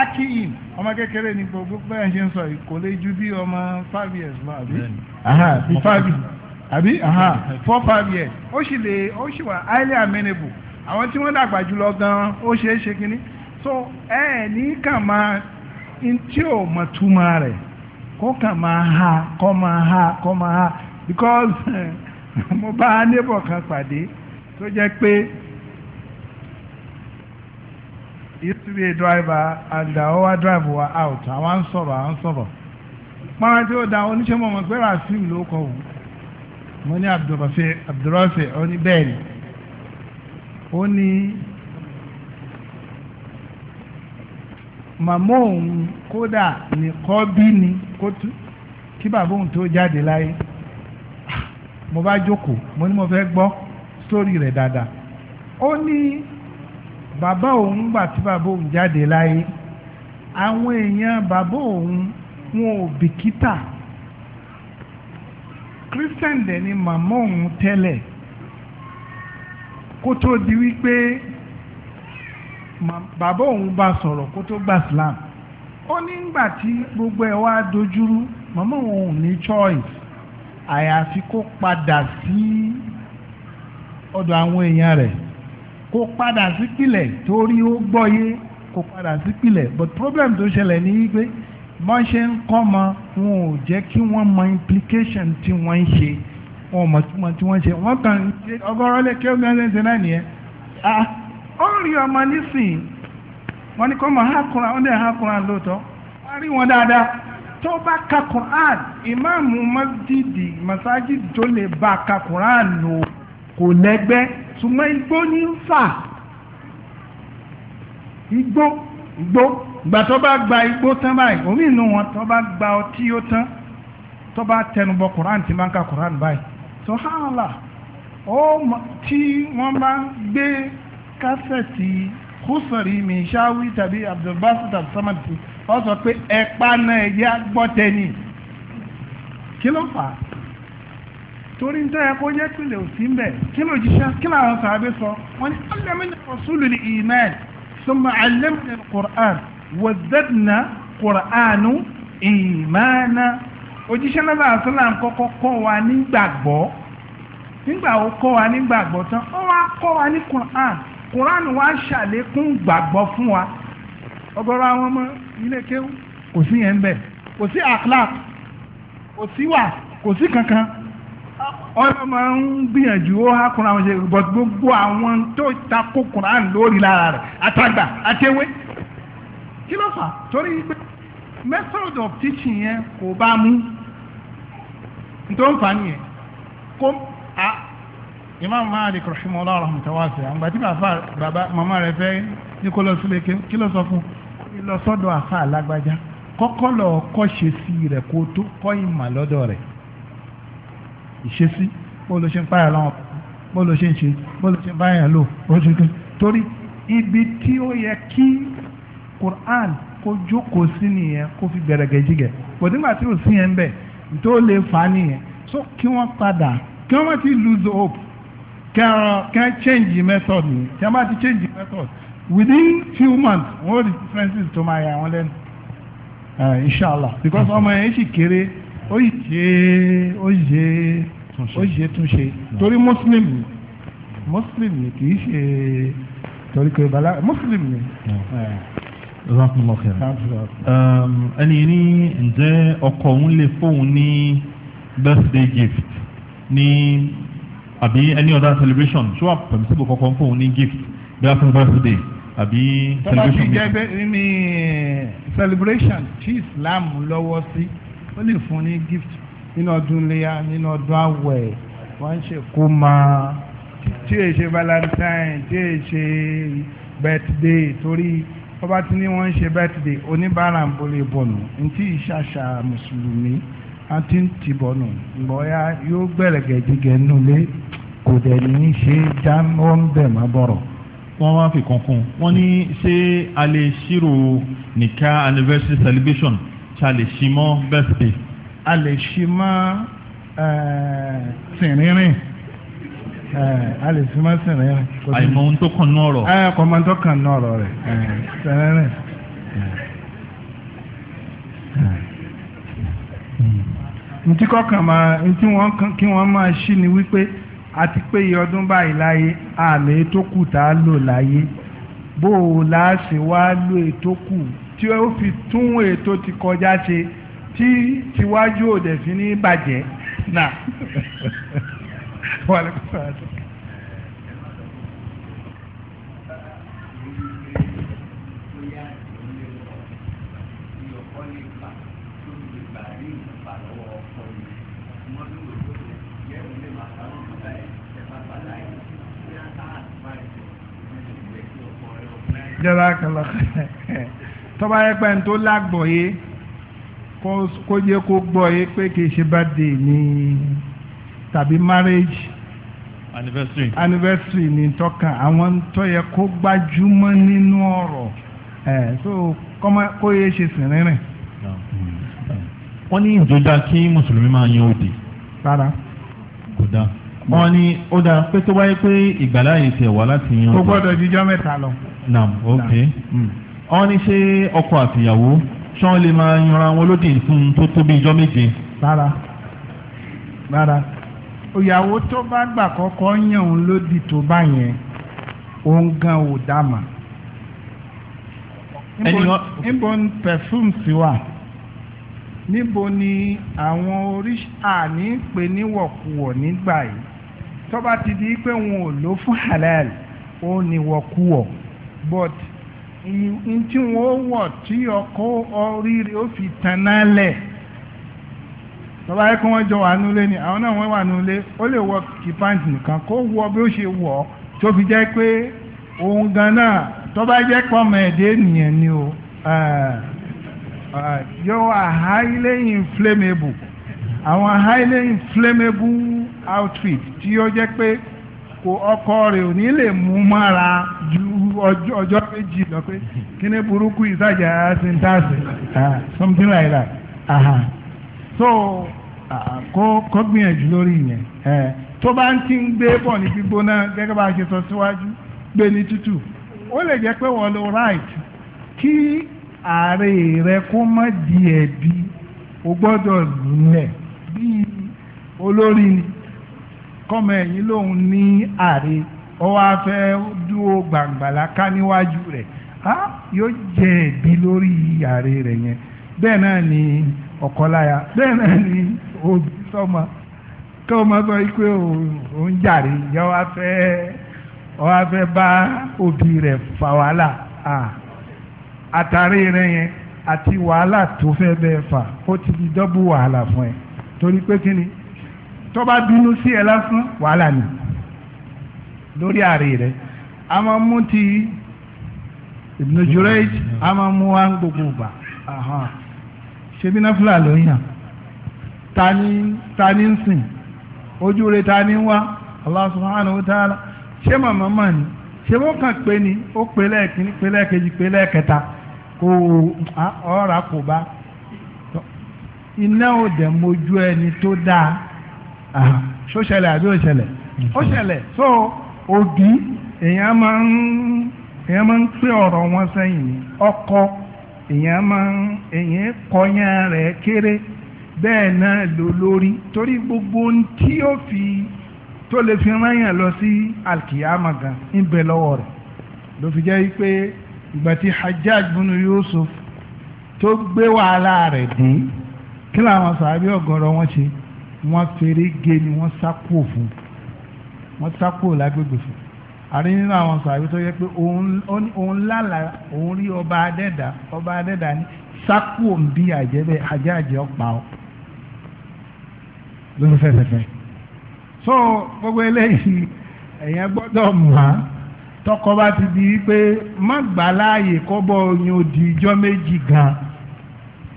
akiin ọmọ kékeré ni gbogbo bẹ́ẹ̀ ṣe ń sọ kò lè ju bí ọmọ five years lọ àbí bí five àbí four five years ó sì lè ó sì wà highly amenable àwọn tí wọ́n dàgbà jùlọ gan-an ó ṣeé ṣe kínní so ẹ ní kàn máa ò túmọ̀ rẹ̀ kó máa ha kó máa ha kó máa ha because mo bá kan pàdé tó jẹ́ pé used to a driver and the drive were out àwọn sọ̀rọ̀ àwọn sọ̀rọ̀ pàrọ̀ tí ó da oníṣẹ́ mọ̀mọ́ pé rasim ló kọ̀ mo màmá òun kódà nìkọ́ bí ni kí bàbá òun tó jáde láyé mo bá jókòó mo ní mo fẹ́ gbọ́ sórí rẹ̀ dáadáa ó ní bàbá òun gbà tí bàbá òun jáde láyé àwọn èèyàn bàbá òun wọn ò bìkítà christian dẹ̀ ni màmá òun tẹ́lẹ̀ kó tó di wípé bàbá òun bá sọ̀rọ̀ kó tó gba Islam ó nígbà tí gbogbo ẹ̀ wá dojúrú màmá òun ò ní choice àyàfi kó padà sí ọ̀dọ̀ àwọn èèyàn rẹ̀ kó padà sí torí ó gbọ́yé kó padà sí but problem tó ṣẹlẹ̀ ní wípé wọ́n ṣe ń kọ́ mọ wọn ò jẹ́ kí wọ́n mọ implication tí wọ́n ń ṣe wọn ò mọ̀ tí wọ́n ṣe wọ́n kàn ọgọ́rọ́ lè kí ó gbẹ́sẹ̀ náà nìyẹn ah, ó rí ọmọ nísìn wọ́n ní kọ́ mọ̀ ha Kùránì ó dẹ̀ ha Kùránì lóòótọ́ wọ́n rí wọn dáadáa tó bá ka Kùránì ìmáàmù masjidi masajidi tó lè bá ka Kùránì lò kò lẹ́gbẹ́ ṣùgbọ́n igbó ní ń fà igbó igbó gbà tó bá gba igbó tán báyìí omi inú wọn tó bá gba ọtí yó tán tó bá tẹnubọ Kùránì tí máa ka Kùránì báyìí subhanallah ó tí wọ́n bá gbé. kásẹ̀tì húsọ̀rí mi ṣáwí tàbí abdulbasit abdulsamadi ọ sọ pé ẹ̀pá náà ẹ̀yẹ gbọ́tẹ́ni kí ló fà á torí ń tẹ́ ẹ kó jẹ́ pínlẹ̀ òsì ń bẹ̀ kí ló jíṣẹ́ kí làwọn sàbẹ̀ sọ wọn ni alẹ́mìnà rasúlù ní iman sọmọ alẹ́mìnà qur'an wàzẹ́dìnà qur'anu ìmánà òjíṣẹ́ náà àṣọlá kọ́kọ́ kọ́ wa nígbàgbọ́ nígbà ó kọ́ wa nígbàgbọ́ tán ó wá kọ́ wa ní qur'an Quran wa ṣàlékún gbàgbọ́ fún wa ọ̀gọ̀rọ̀ àwọn ọmọ ilé kéwú kò sí yẹn bẹ́ẹ̀ kò sí akhlaq kò sí wà kò sí kankan ọ̀rọ̀ máa ń gbìyànjú ó há Quran ṣe gbogbo àwọn tó takò Quran lórí lára rẹ̀ àtàgbà àtẹwé kí ló fà torí pé method of teaching yẹn kò bá mú tó nìyẹn kó a imam malik rahimahullah rahmatawasi àgbà tí bàbá màmá rẹ̀ fẹ́ ní kó lọ sílé kí ló sọ fún lọ sọ́dọ̀ àfa alágbájá kọ́kọ́ lọ kọ́ ṣe sí rẹ̀ kó tó kọ́ ìmà lọ́dọ̀ rẹ̀ ìṣesí bó ló ṣe ń pààyàn lọ́wọ́ bó ló ṣe ń ṣe bó ló ṣe ń báyàn lò bó ṣe ń torí ibi tí ó yẹ kí Qur'an kó jókòó sí nìyẹn kó fi gbẹrẹgẹjigẹ kò nígbà tí ò sí yẹn bẹ tó lè fà á nìyẹn so kí wọ́n padà kí wọ́n ti lose hope Can change method ni kẹ́ bá ti change the method within few months wọ́n rí differences tó máa yà wọ́n lẹ́nu ah, inshallah because ọmọ yẹn sì kéré ó yé ó yé ó yé túnṣe torí muslim ni muslim ni kì í ṣe torí pé bala muslim ni. Eh. jazakumullahu khairan um, ẹni ní ǹjẹ́ ọkọ òun lè fóun ní birthday gift ní àbí any other celebration ṣó wà permissible kankan fún òun ní gift bí wàá birthday àbí celebration. tọ́ba ti jẹ́ pé ní celebration tí Islam lọ́wọ́ sí ó lè fún ní gift nínú ọdún léyà nínú ọdún àwẹ̀ wọ́n ń ṣe kó máa tí èyí ṣe valentine tí èyí ṣe birthday torí tọ́ba ti ní wọ́n ń ṣe birthday oníbàárà ń bolè bọ̀nù ntí ìṣàṣà mùsùlùmí a ti ń tìbọ̀ nù bọ́yá yóò gbẹ̀rẹ̀gẹ̀ jíjẹ nulẹ̀ kò dẹ̀ ní í ṣe já wọ́n bẹ̀ má bọ̀rọ̀. wọ́n wá fi kankan wọ́n ní ṣé a lè ṣírò nìka anniversary celebration ṣe a lè ṣí mọ́ birthday. a lè ṣí mọ́ tìrìnrìn a lè ṣí mọ́ tìrìnrìn. àìmọ̀ ohun tó kàn náà rọ̀. kọ̀mọ̀ ohun tó kàn náà rọ̀ rẹ̀ tìrìnrìn. ntí kọkàn máa ntí wọn kí wọn máa ṣí ni wípé àti pé iye ọdún báyìí láyé àmì tó kù tá a lò láyé bó o láàṣì wá lò ètò kù tí ó fi tún ètò ti kọjá ṣe tí tiwájú òdẹ̀fín ní bàjẹ́ náà. jazakallah tọ́ba yẹ pẹ́ tó lágbọ̀ọ́yé kó jẹ́ kó pé kì í ṣe ní tàbí marriage anniversary anniversary ní tọ́ka àwọn tó yẹ kó gbajúmọ̀ nínú ọ̀rọ̀ ẹ̀ so kó yẹ ṣe sìn rìnrìn. wọ́n ní ìjọba kí mùsùlùmí máa yan rárá. wọ́n ní ó dáa pé tó wáyé pé ìgbàlá yìí tẹ̀ wá láti yan. ó gbọ́dọ̀ jíjọ́ mẹ́ta lọ. nam ok hmm. wọ́n ní ṣé ọkọ àtìyàwó ṣé wọ́n lè máa yanra wọn lódì fún tó tó bí ijọ́ méje. rárá rárá ìyàwó tó bá gbà kọ́kọ́ yàn òun lódì tó bá yẹn òun gan ò dá níbo ni perfume sí wà níbo ni àwọn oríṣi àní pé níwọ̀kuwọ̀ nígbà yìí tó bá ti di pé wọn ò lò fún halal ó ní wọ̀kúwọ̀ but n tí wọn wọ̀ tí ọkọ oríire ó fi tanná lẹ̀ tó bá yẹ kí wọ́n jọ wà nulẹ̀ ni àwọn náà wọ́n wà nulẹ̀ ó lè wọ kìpáǹtì nìkan kó wọ bí ó ṣe wọ̀ tó fi jẹ́ pé òun ganan tó bá jẹ́ pọ́mọ ẹ̀dẹ́ nìyẹn ni o yóò wà highly inflammable àwọn highly inflammable. outfit tí ó jẹ́ pé kò ọkọ rẹ̀ ò ní lè mú mára ju ọjọ́ méjì lọ pé kíní burúkú ìsájà ah, something like that aha. so ah kó gbìyànjú lórí ìyẹn eh, tó bá ń ti ń gbé bọ̀ ní gbígbóná gẹ́gẹ́ bá a gbé ní tútù ó lè jẹ́ pé wọ́n lo right kí ààrẹ rẹ di ẹ̀bi o gbọ́dọ̀ lulẹ̀ kọ́mọ ẹ̀yìn lòun ní àárẹ̀ ó wá fẹ́ dúró gbàǹgbàlá ká níwájú rẹ̀ á yóò jẹ lórí àárẹ̀ rẹ̀ yẹn ni ọ̀kọ́láya bẹ́ẹ̀ náà ni òbí sọ́mọ kí ọmọ sọ pé òun jàre ìyá wa fẹ́ fẹ́ bá òbí rẹ̀ fà wàhálà àtàrí rẹ̀ yẹn àti wàhálà tó fẹ́ bẹ́ẹ̀ fà ó ni tó bá bínú sí ẹ lásán wàhálà ni lórí ààrẹ rẹ a máa mú ti Ibn Jurayj a máa mú wa gbogbo gbà ṣebí ló yàn tani tani ń sìn ojú rẹ tani ń wá Allah subhanahu wa ta'ala ṣé màmá mà ní ṣé wọ́n kàn pé ni ó pé lẹ́ẹ̀kíní pé lẹ́ẹ̀kejì pé lẹ́ẹ̀kẹta kò ọ̀rà kò bá iná ò dẹ̀ mojú ẹni tó dáa ṣó ṣẹlẹ̀ àbí ó ṣẹlẹ̀ ó ṣẹlẹ̀ so òbí èèyàn máa ń èèyàn máa ń pé ọ̀rọ̀ wọn sẹ́yìn ni ọkọ èèyàn máa ń èèyàn kọyán rẹ̀ kéré bẹ́ẹ̀ náà lò lórí torí gbogbo ohun tí ó fi tó lè fi ráyàn lọ sí alkiyama gan ń bẹ lọ́wọ́ rẹ̀ ló fi jẹ́ pé ìgbà tí Hajjaj bunu Yusuf tó gbé wàhálà rẹ̀ dín kí làwọn sàbí ọ̀gọ̀rọ̀ wọn ṣe wọ́n fèrè gé ni wọ́n sákò fún wọ́n sákò lágbègbè fún àárín nínú àwọn sàbí tó yẹ pé òun lálà òun rí ọba adẹ́dà ọba adẹ́dà ní sákò ń bí àjẹbẹ àjẹàjẹ ọ̀pá ọ lórí fẹsẹ̀fẹ́ so gbogbo eléyìí ẹ̀yẹn gbọ́dọ̀ mọ̀ á tọkọ bá ti di pé má gbà láàyè kọ́bọ̀ oyin òdì ijọ́ méjì gan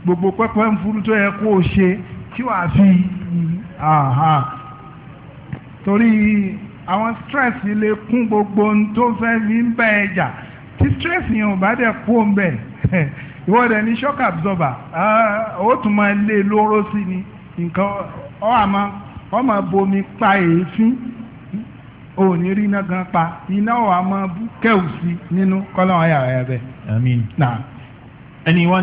gbogbo pẹ́pẹ́ ń furu tó yẹ kó o ṣe tí wàá fi. torí àwọn stress lè kún gbogbo ohun tó fẹ́ fi ń tí stress yẹn ò bá dẹ̀ kú òun bẹ̀ ìwọ shock absorber ah, ó tún máa lé lóró sí ni nǹkan ọ àmọ́ ọ máa bomi pa èéfín ò ní rí iná gan pa iná ọ sí nínú kọ́lọ́n bẹ́ẹ̀. ẹni wá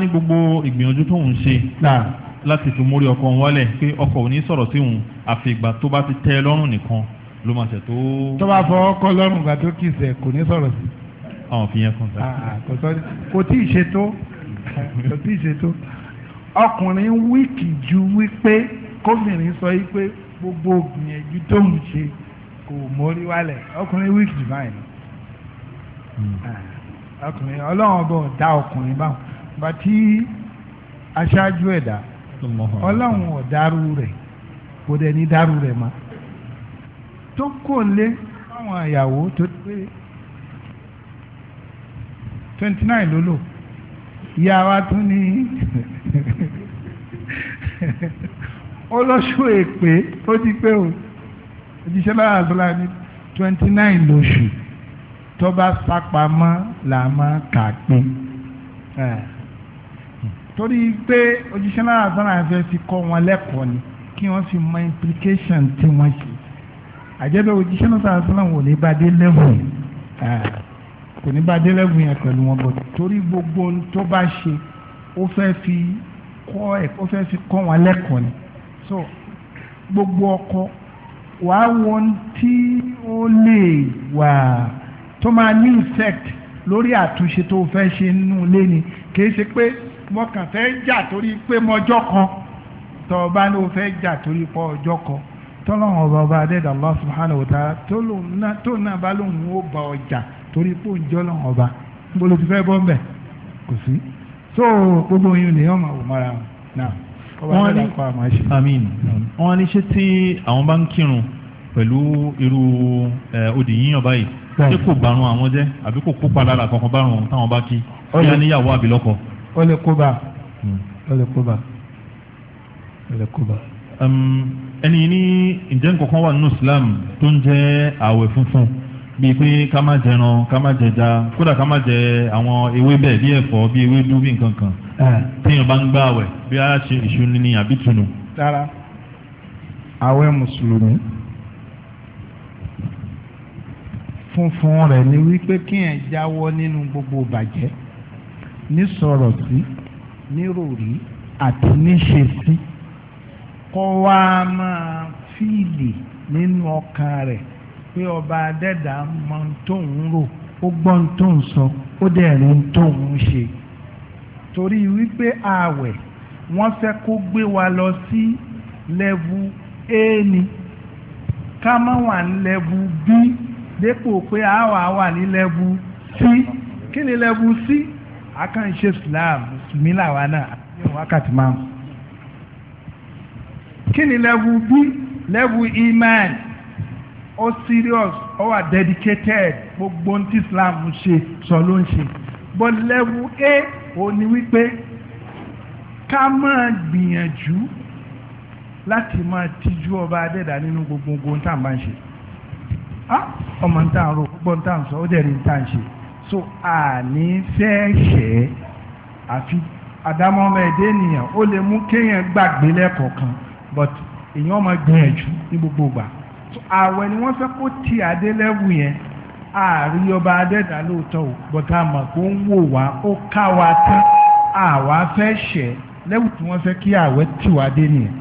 láti fi mórí ọkọ wọn wálẹ̀ pé ọkọ ò ní sọ̀rọ̀ sí òun àfi ìgbà tó bá ti tẹ́ ẹ lọ́rùn nìkan ló máa ṣe tó. tó bá fọ ọkọ lọ́rùn ìgbà tó kì í sẹ̀ kò ní sọ̀rọ̀ sí. àwọn fi yẹn kàn sá. Ah, ah, kò tí ì ṣe tó kò tí ì ṣe tó ọkùnrin wíìkì ju wípé kóbìnrin sọ wípé gbogbo gbìyànjú tó ń ṣe kò mórí wálẹ̀ ọkùnrin wíìkì jù báyìí hmm. ah, ọkùnrin ọlọ́run ọba ọ̀dá ọkùnrin báwọn bàtí aṣáájú ẹ̀dá ọlọ́run ò dárú rẹ̀ kò dẹ̀ ní dárú rẹ̀ mọ́ tó kò lé àwọn àyàwó tó pé twenty nine ló lò ìyá wa tún ní olóṣù èpè ó ti pé o òjíṣẹ́ lára àgbọ̀lá ní twenty nine lóṣù tó bá sápamọ́ là máa kà pín torí pé òjíṣẹ́ náà sọ́nà àfẹ́ fi kọ́ wọn lẹ́kọ̀ọ́ ni kí wọ́n fi mọ implication tí wọ́n ṣe àjẹ́bẹ̀ òjíṣẹ́ náà sọ́nà sọ́nà wò ní bàdé level kò ní bàdé level yẹn pẹ̀lú wọn bọ̀ torí gbogbo ohun tó bá ṣe ó fẹ́ fi kọ́ ẹ̀ ó fẹ́ fi kọ́ wọn lẹ́kọ̀ọ́ ni so gbogbo ọkọ wàá wọn tí ó lè wà tó máa ní effect lórí àtúnṣe tó fẹ́ ṣe nínú ilé ni kì í ṣe pé mo kàn fẹ́ jà torí pé mọjọ́ kan tó bá ló fẹ́ jà torí pé ọjọ́ kan tọ́lọ́run ọba ọba adẹ́dà Allah subhanahu wa ta'ala tó náà bá lóun ó ba ọjà torí pé òun jọ́lọ́run ọba níbo ló ti fẹ́ bọ́ mbẹ̀ kò sí so gbogbo yín lè yàn máa wò mọ́ra wọn náà ọba adẹ́dà kọ́ àmọ́ ṣe. àmín wọn ní ṣe tí àwọn bá ń kírun pẹ̀lú irú odi yíyan báyìí ṣé kò bàrún àwọn jẹ́ àbí kò kópa lára kankan bárun táwọn bá kí yá níyàwó àbílọ́kọ. Hmm. ó lè kó bá ó lè kó bá ó lè kó bá. ẹni ní ǹjẹ́ nǹkan kan wà nínú Islam tó ń jẹ́ ààwẹ̀ funfun bíi pé ká má jẹran ká má jẹja kódà ká má jẹ àwọn ewébẹ̀ bí ẹ̀fọ́ bí ewédú bí nǹkan kan téèyàn bá ń gbá àwẹ̀ bí a ṣe ìṣúni ni àbí tunu. dára àwẹ̀ mùsùlùmí funfun rẹ̀ ni wípé kí ẹ̀ jáwọ́ nínú gbogbo bàjẹ́ ní sọ̀rọ̀ sí ní ròrí àti níṣe sí kó wá máa fíìlì nínú ọkàn rẹ̀ pé ọba adẹ́dà mọ tóun rò ó gbọ́ tóun sọ ó dẹ̀ rí tóun ṣe torí wípé ààwẹ̀ wọ́n fẹ́ kó gbé wa lọ sí lẹ́vù a ni ká má wà ní lẹ́vù b dépò pé a wà wà ní lẹ́vù c kí ni lẹ́vù c akàn ṣe islam mùsùlùmí làwa náà àti wákàtí máa ń. kí ni lẹ́wù bí lẹ́wù iman ó serious ó wà dedicated gbogbo ní islam ṣe sọ ló ń ṣe bọ́ lẹ́wù a ò ní wípé ká máa gbìyànjú láti máa tijú ọba adẹ́dà nínú gbogbo ohun tá à ń bá ń ṣe ah, ọmọ ń tà ń ro gbogbo ń tà ń sọ ó dẹ̀ ní ń tà ń ṣe so àní fẹ́ ṣẹ́ àfi àdámọ́ ọmọ ẹ̀dẹ́ ènìyàn ó lè mú kéèyàn gbàgbé lẹ́kọ̀ọ̀kan but èèyàn máa gbìyànjú ní gbogbo ìgbà so àwẹ̀ ni wọ́n fẹ́ kó ti adé lẹ́wù yẹn ààrí ọba adẹ́dà lóòótọ́ o but àmọ̀ kó ń wò wá ó ká wa tán àwa fẹ́ ṣẹ́ lẹ́wù tí wọ́n fẹ́ kí àwẹ̀ tì wá dé nìyẹn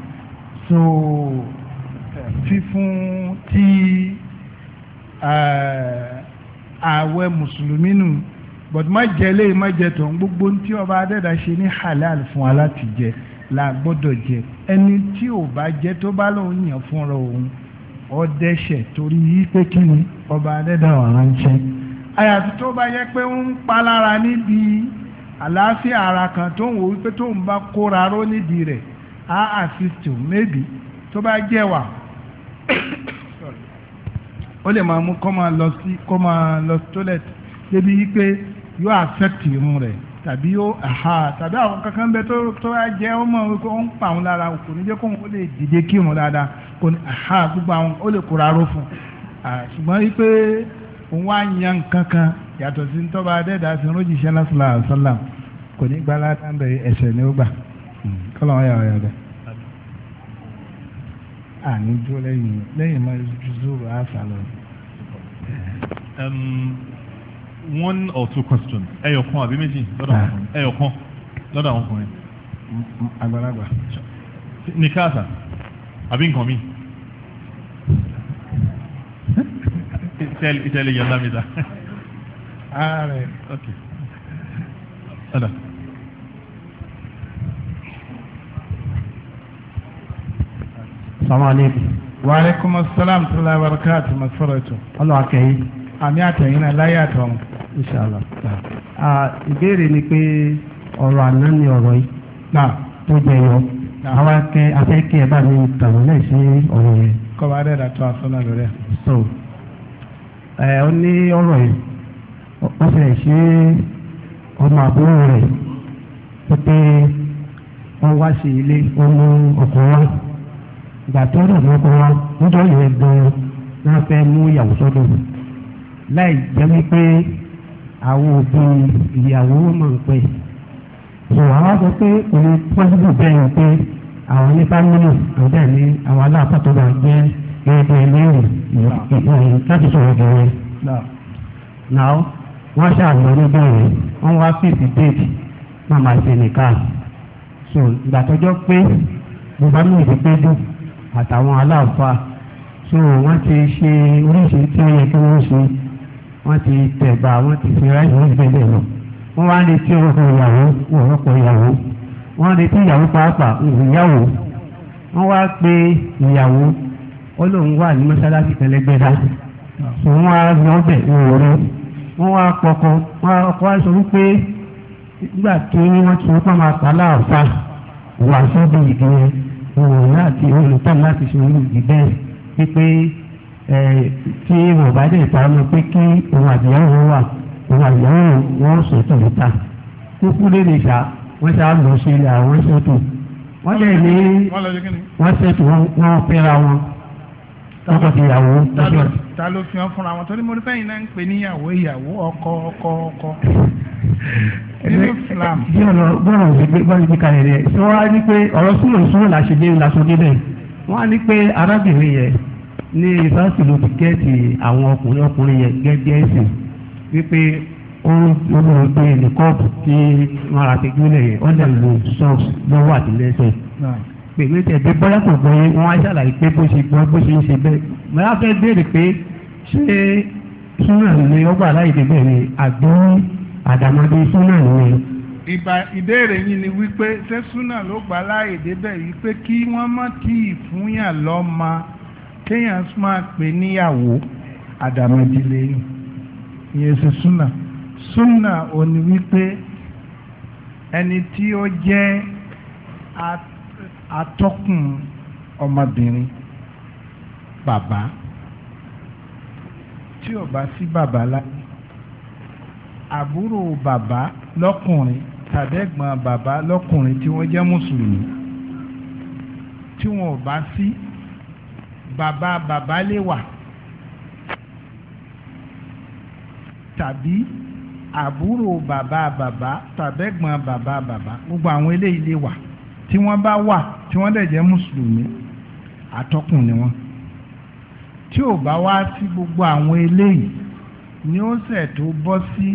so fífún tí. Uh, ààwẹ̀ mùsùlùmí nù but má jẹ eléyìí má jẹ tó ń gbogbo tí ọba adẹ́dà ṣe ní halal fún wa láti jẹ la gbọ́dọ̀ jẹ ẹni tí ò bá jẹ tó bá lóun yàn fúnra òun ọdẹṣẹ torí yí pé kí ni ọba adẹ́dà wà ránṣẹ́ àyàfi tó bá yẹ pé ń palára níbi àlàáfíà ara kan tó ń wò wípé tó ń bá kóra ró nídìí rẹ̀ á assist you maybe tó bá jẹ́ wà ó lè máa mú kó máa lọ sí kó máa lọ toilet débi wípé yóò affect irun rẹ̀ tàbí yóò aha tàbí àwọn kankan bẹ tó tó wá jẹ́ ó mọ̀ wípé ó ń pa òun lára kò ní jẹ́ kóun ó lè dìde kírun dáadáa kò ní aha gbogbo àwọn ó lè kóra ró fún ṣùgbọ́n wípé òun wá yan kankan yàtọ̀ sí tọ́ba adẹ́dàá sí rójì sẹ́lá sọ́lá sọ́lá kò ní gbá ládàá ń bẹ ó gbà kọ́lọ́ wọn yà ọ́ yà bẹ́ẹ̀ àní dúró lẹ́yìn lẹ́yìn máa zoro àṣà lọ. Um, one or two questions ẹyọkan àbí méjì lọ́dọ̀ ọkùnrin ah. ẹyọkan lọ́dọ̀ ọkùnrin. àgbàlagbà. ní káàtà àbí nǹkan mi. ìtẹ́lẹ̀ yẹn lámìdá. ààrẹ. okay. Assalamu alaikum. Wa alaikum assalam tó la barakatu masarautu. Ọlọ́wà kẹ́yìn. Àmì àtẹ̀yìn náà láyé àtọ̀hún. Inṣàlá. Ìbéèrè ni pé ni ọ̀rọ̀ yìí. Náà. Tó jẹyọ. Àwa kẹ́ afẹ́ kí ẹ bá mi tàwọn náà ṣe ọrụ yẹn. Kọ́ba Adé dàtọ́ àfọ́nà lórí So ẹ ọ ní ọrọ yìí fẹ́ ṣe ọmọ àbúrò rẹ̀ pé wọ́n wá sí ilé wọ́n mú ọkọ̀ wá. ìgbà tó rọ̀ lọ́kọ wa nítorí yẹn gan-an wọ́n fẹ́ mú ìyàwó sọ́dọ̀ láì jẹ́ wípé àwọn òbí ìyàwó máa ń pè so àwọn sọ pé òun pọ́sibú bẹ́ẹ̀ yẹn pé àwọn ní fámìlì àti àní àwọn aláàpá tó bá gbé ẹgbẹ́ ẹlẹ́rìí láti sọ̀rọ̀ gẹ̀rẹ́ náà wọ́n ṣàlọ́ níbẹ̀ yẹn wọ́n wá fífi déètì máa máa ṣe nìkan so ìgbà tọ́jọ́ pé mo bá mú ìdí pé dùn àtàwọn aláàfáà so wọ́n ti ṣe oríṣiríṣi tí wọ́n yẹ kí wọ́n ṣe wọ́n ti tẹ̀gbà wọ́n ti fi ráìsì wọ́n ti bẹ́ẹ̀ bẹ́ẹ̀ lọ wọ́n wá ní tí ọkọ̀ ìyàwó wọ́n ọkọ̀ ìyàwó wọ́n ní tí ìyàwó pàápàá ìyàwó wọ́n wá pé ìyàwó olóhùn wà ní mọ́ṣáláṣí tẹ́lẹ́gbẹ́dá so wọ́n á lọ bẹ̀ ìwòrán wọ́n wá pọkọ wọ́n ọkọ̀ wá sọ wípé nígbà tí wọ́n ti wọ́n máa pa láàfáà wà sọ́dọ̀ ìdíyẹn òun láti olùtọ́ láti ṣe olùdí bẹ́ẹ̀ wípé tí wọn bá dẹ̀ ta lọ pé kí òun àbíyáwó wà òun àbíyáwó wọn sọ̀tò níta kúkú lè lè ṣá wọ́n ṣá lọ sí ilé àwọn sọ̀tò wọ́n lè ní wọ́n sọ̀tò wọn fẹ́ra wọn ọkọ ti yàwó. ta ló fi wọn fúnra wọn torí mo rí fẹ́yìn náà ń pè níyàwó ìyàwó ọkọ ọkọ ọkọ nínú Islam. bí ọ̀nà bọ́ọ̀nà òṣèlú bá ti gbé kalẹ̀ rẹ̀ ṣé wọ́n á ní pé ọ̀rọ̀ súnmọ̀ súnmọ̀ làṣẹ dé làṣọ débẹ̀ wọ́n á ní pé arábìnrin yẹn ní yunifásitì ló ti gẹ́ẹ̀tì àwọn ọkùnrin ọkùnrin yẹn gẹ́gẹ́ ẹ̀sìn wípé ó ló ń gbé nìkọ́ọ̀bù tí wọ́n ra ti gbélé yẹn ó dẹ̀ lo sọ́ọ̀sì lọ́wọ́ àtìlẹ́sẹ̀ pẹ̀lú tẹ̀dé bọ́lá kò gbọ́ yé wọ́n á ṣàlàyé pé bó ṣe gbọ́ bó ṣe ń ṣe bẹ́ẹ̀ mo yà fẹ́ béèrè pé ṣé súnà ni ọgbà aláìdè bẹ́ẹ̀ ni àbí àdàmọ́dé súnà ni. ìbà ìbéèrè yìí ni wípé ṣé súnà ló gbà aláìdè bẹ́ẹ̀ wípé kí wọ́n mọ̀ tí ìfúnyàn lọ́mọ kéèyàn máa pè níyàwó àdàmọ́dé lẹ́yìn ṣe súnà súnà òní wípé ẹni tí ó jẹ́ at atọ́kùn ọmọbìnrin bàbá tí ò bá sí bàbá láyé àbúrò bàbá lọ́kùnrin tàbẹ́gbọ̀n bàbá lọ́kùnrin tí wọ́n jẹ́ mùsùlùmí tí wọn ò bá sí bàbá bàbá lè wà tàbí àbúrò bàbá bàbá tàbẹ́gbọ̀n bàbá bàbá gbogbo àwọn eléyìí lè wà tí wọ́n bá wà tí wọ́n dẹ̀ jẹ́ mùsùlùmí àtọ́kùn ni wọ́n tí ò bá wá sí gbogbo àwọn eléyìí ni ó ṣẹ̀ tó bọ́ sí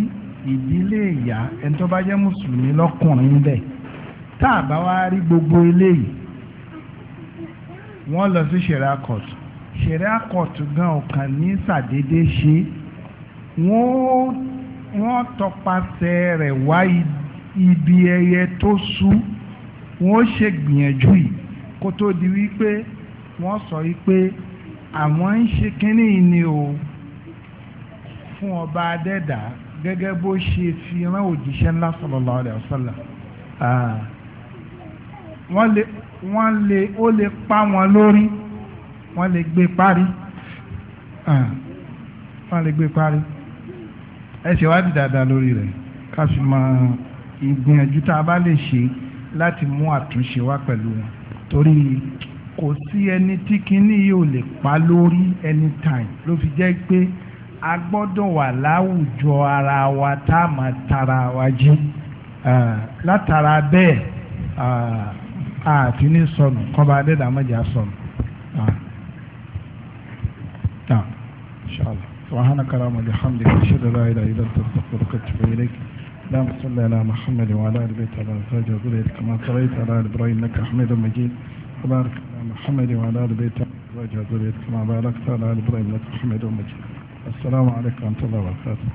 ìdílé ìyá ẹni tó bá jẹ́ mùsùlùmí lọ́kùnrin bẹ̀ tá a bá wá rí gbogbo eléyìí wọ́n lọ sí ṣẹ̀rá kọ̀tù ṣẹ̀rá kọ̀tù gan ọ̀kan ní sàdédé ṣe wọ́n tọpasẹ̀ rẹ̀ wá ibi ẹyẹ tó sú wọ́n ṣe gbìyànjú yìí kó tó di wípé wọ́n sọ wípé àwọn ń ṣe kínní ni o fún ọba adẹ́dà gẹ́gẹ́ bó ṣe fi rán òjíṣẹ́ ńlá sallallahu alaihi wasallam wọ́n lè wọ́n lè ó lè pa wọn lórí wọ́n lè gbé parí wọ́n lè gbé parí ẹ ṣèwádìí dáadáa lórí rẹ̀ ká fi mọ ìgbìyànjú tá a bá lè ṣe láti mú àtúnṣe wá pẹ̀lú wọn torí kò sí ẹni tí kinní yìí lè pa lórí anytime ló fi jẹ́ pé a gbọ́dọ̀ wà láwùjọ ara wa tá a máa tara wa jí látara bẹ́ẹ̀ àti ní sọnù kọba adédàmọ́jà sọnù. نعم إن شاء الله سبحانك اللهم وبحمدك أشهد أن لا إله إلا أنت أستغفرك وأتوب إليك اللهم صل على محمد وعلى ال بيت على ازواجه وذريته كما صليت على ال ابراهيم انك حميد مجيد وبارك على محمد وعلى ال بيت على ازواجه وذريته كما باركت على ال ابراهيم انك حميد مجيد السلام عليكم ورحمه الله وبركاته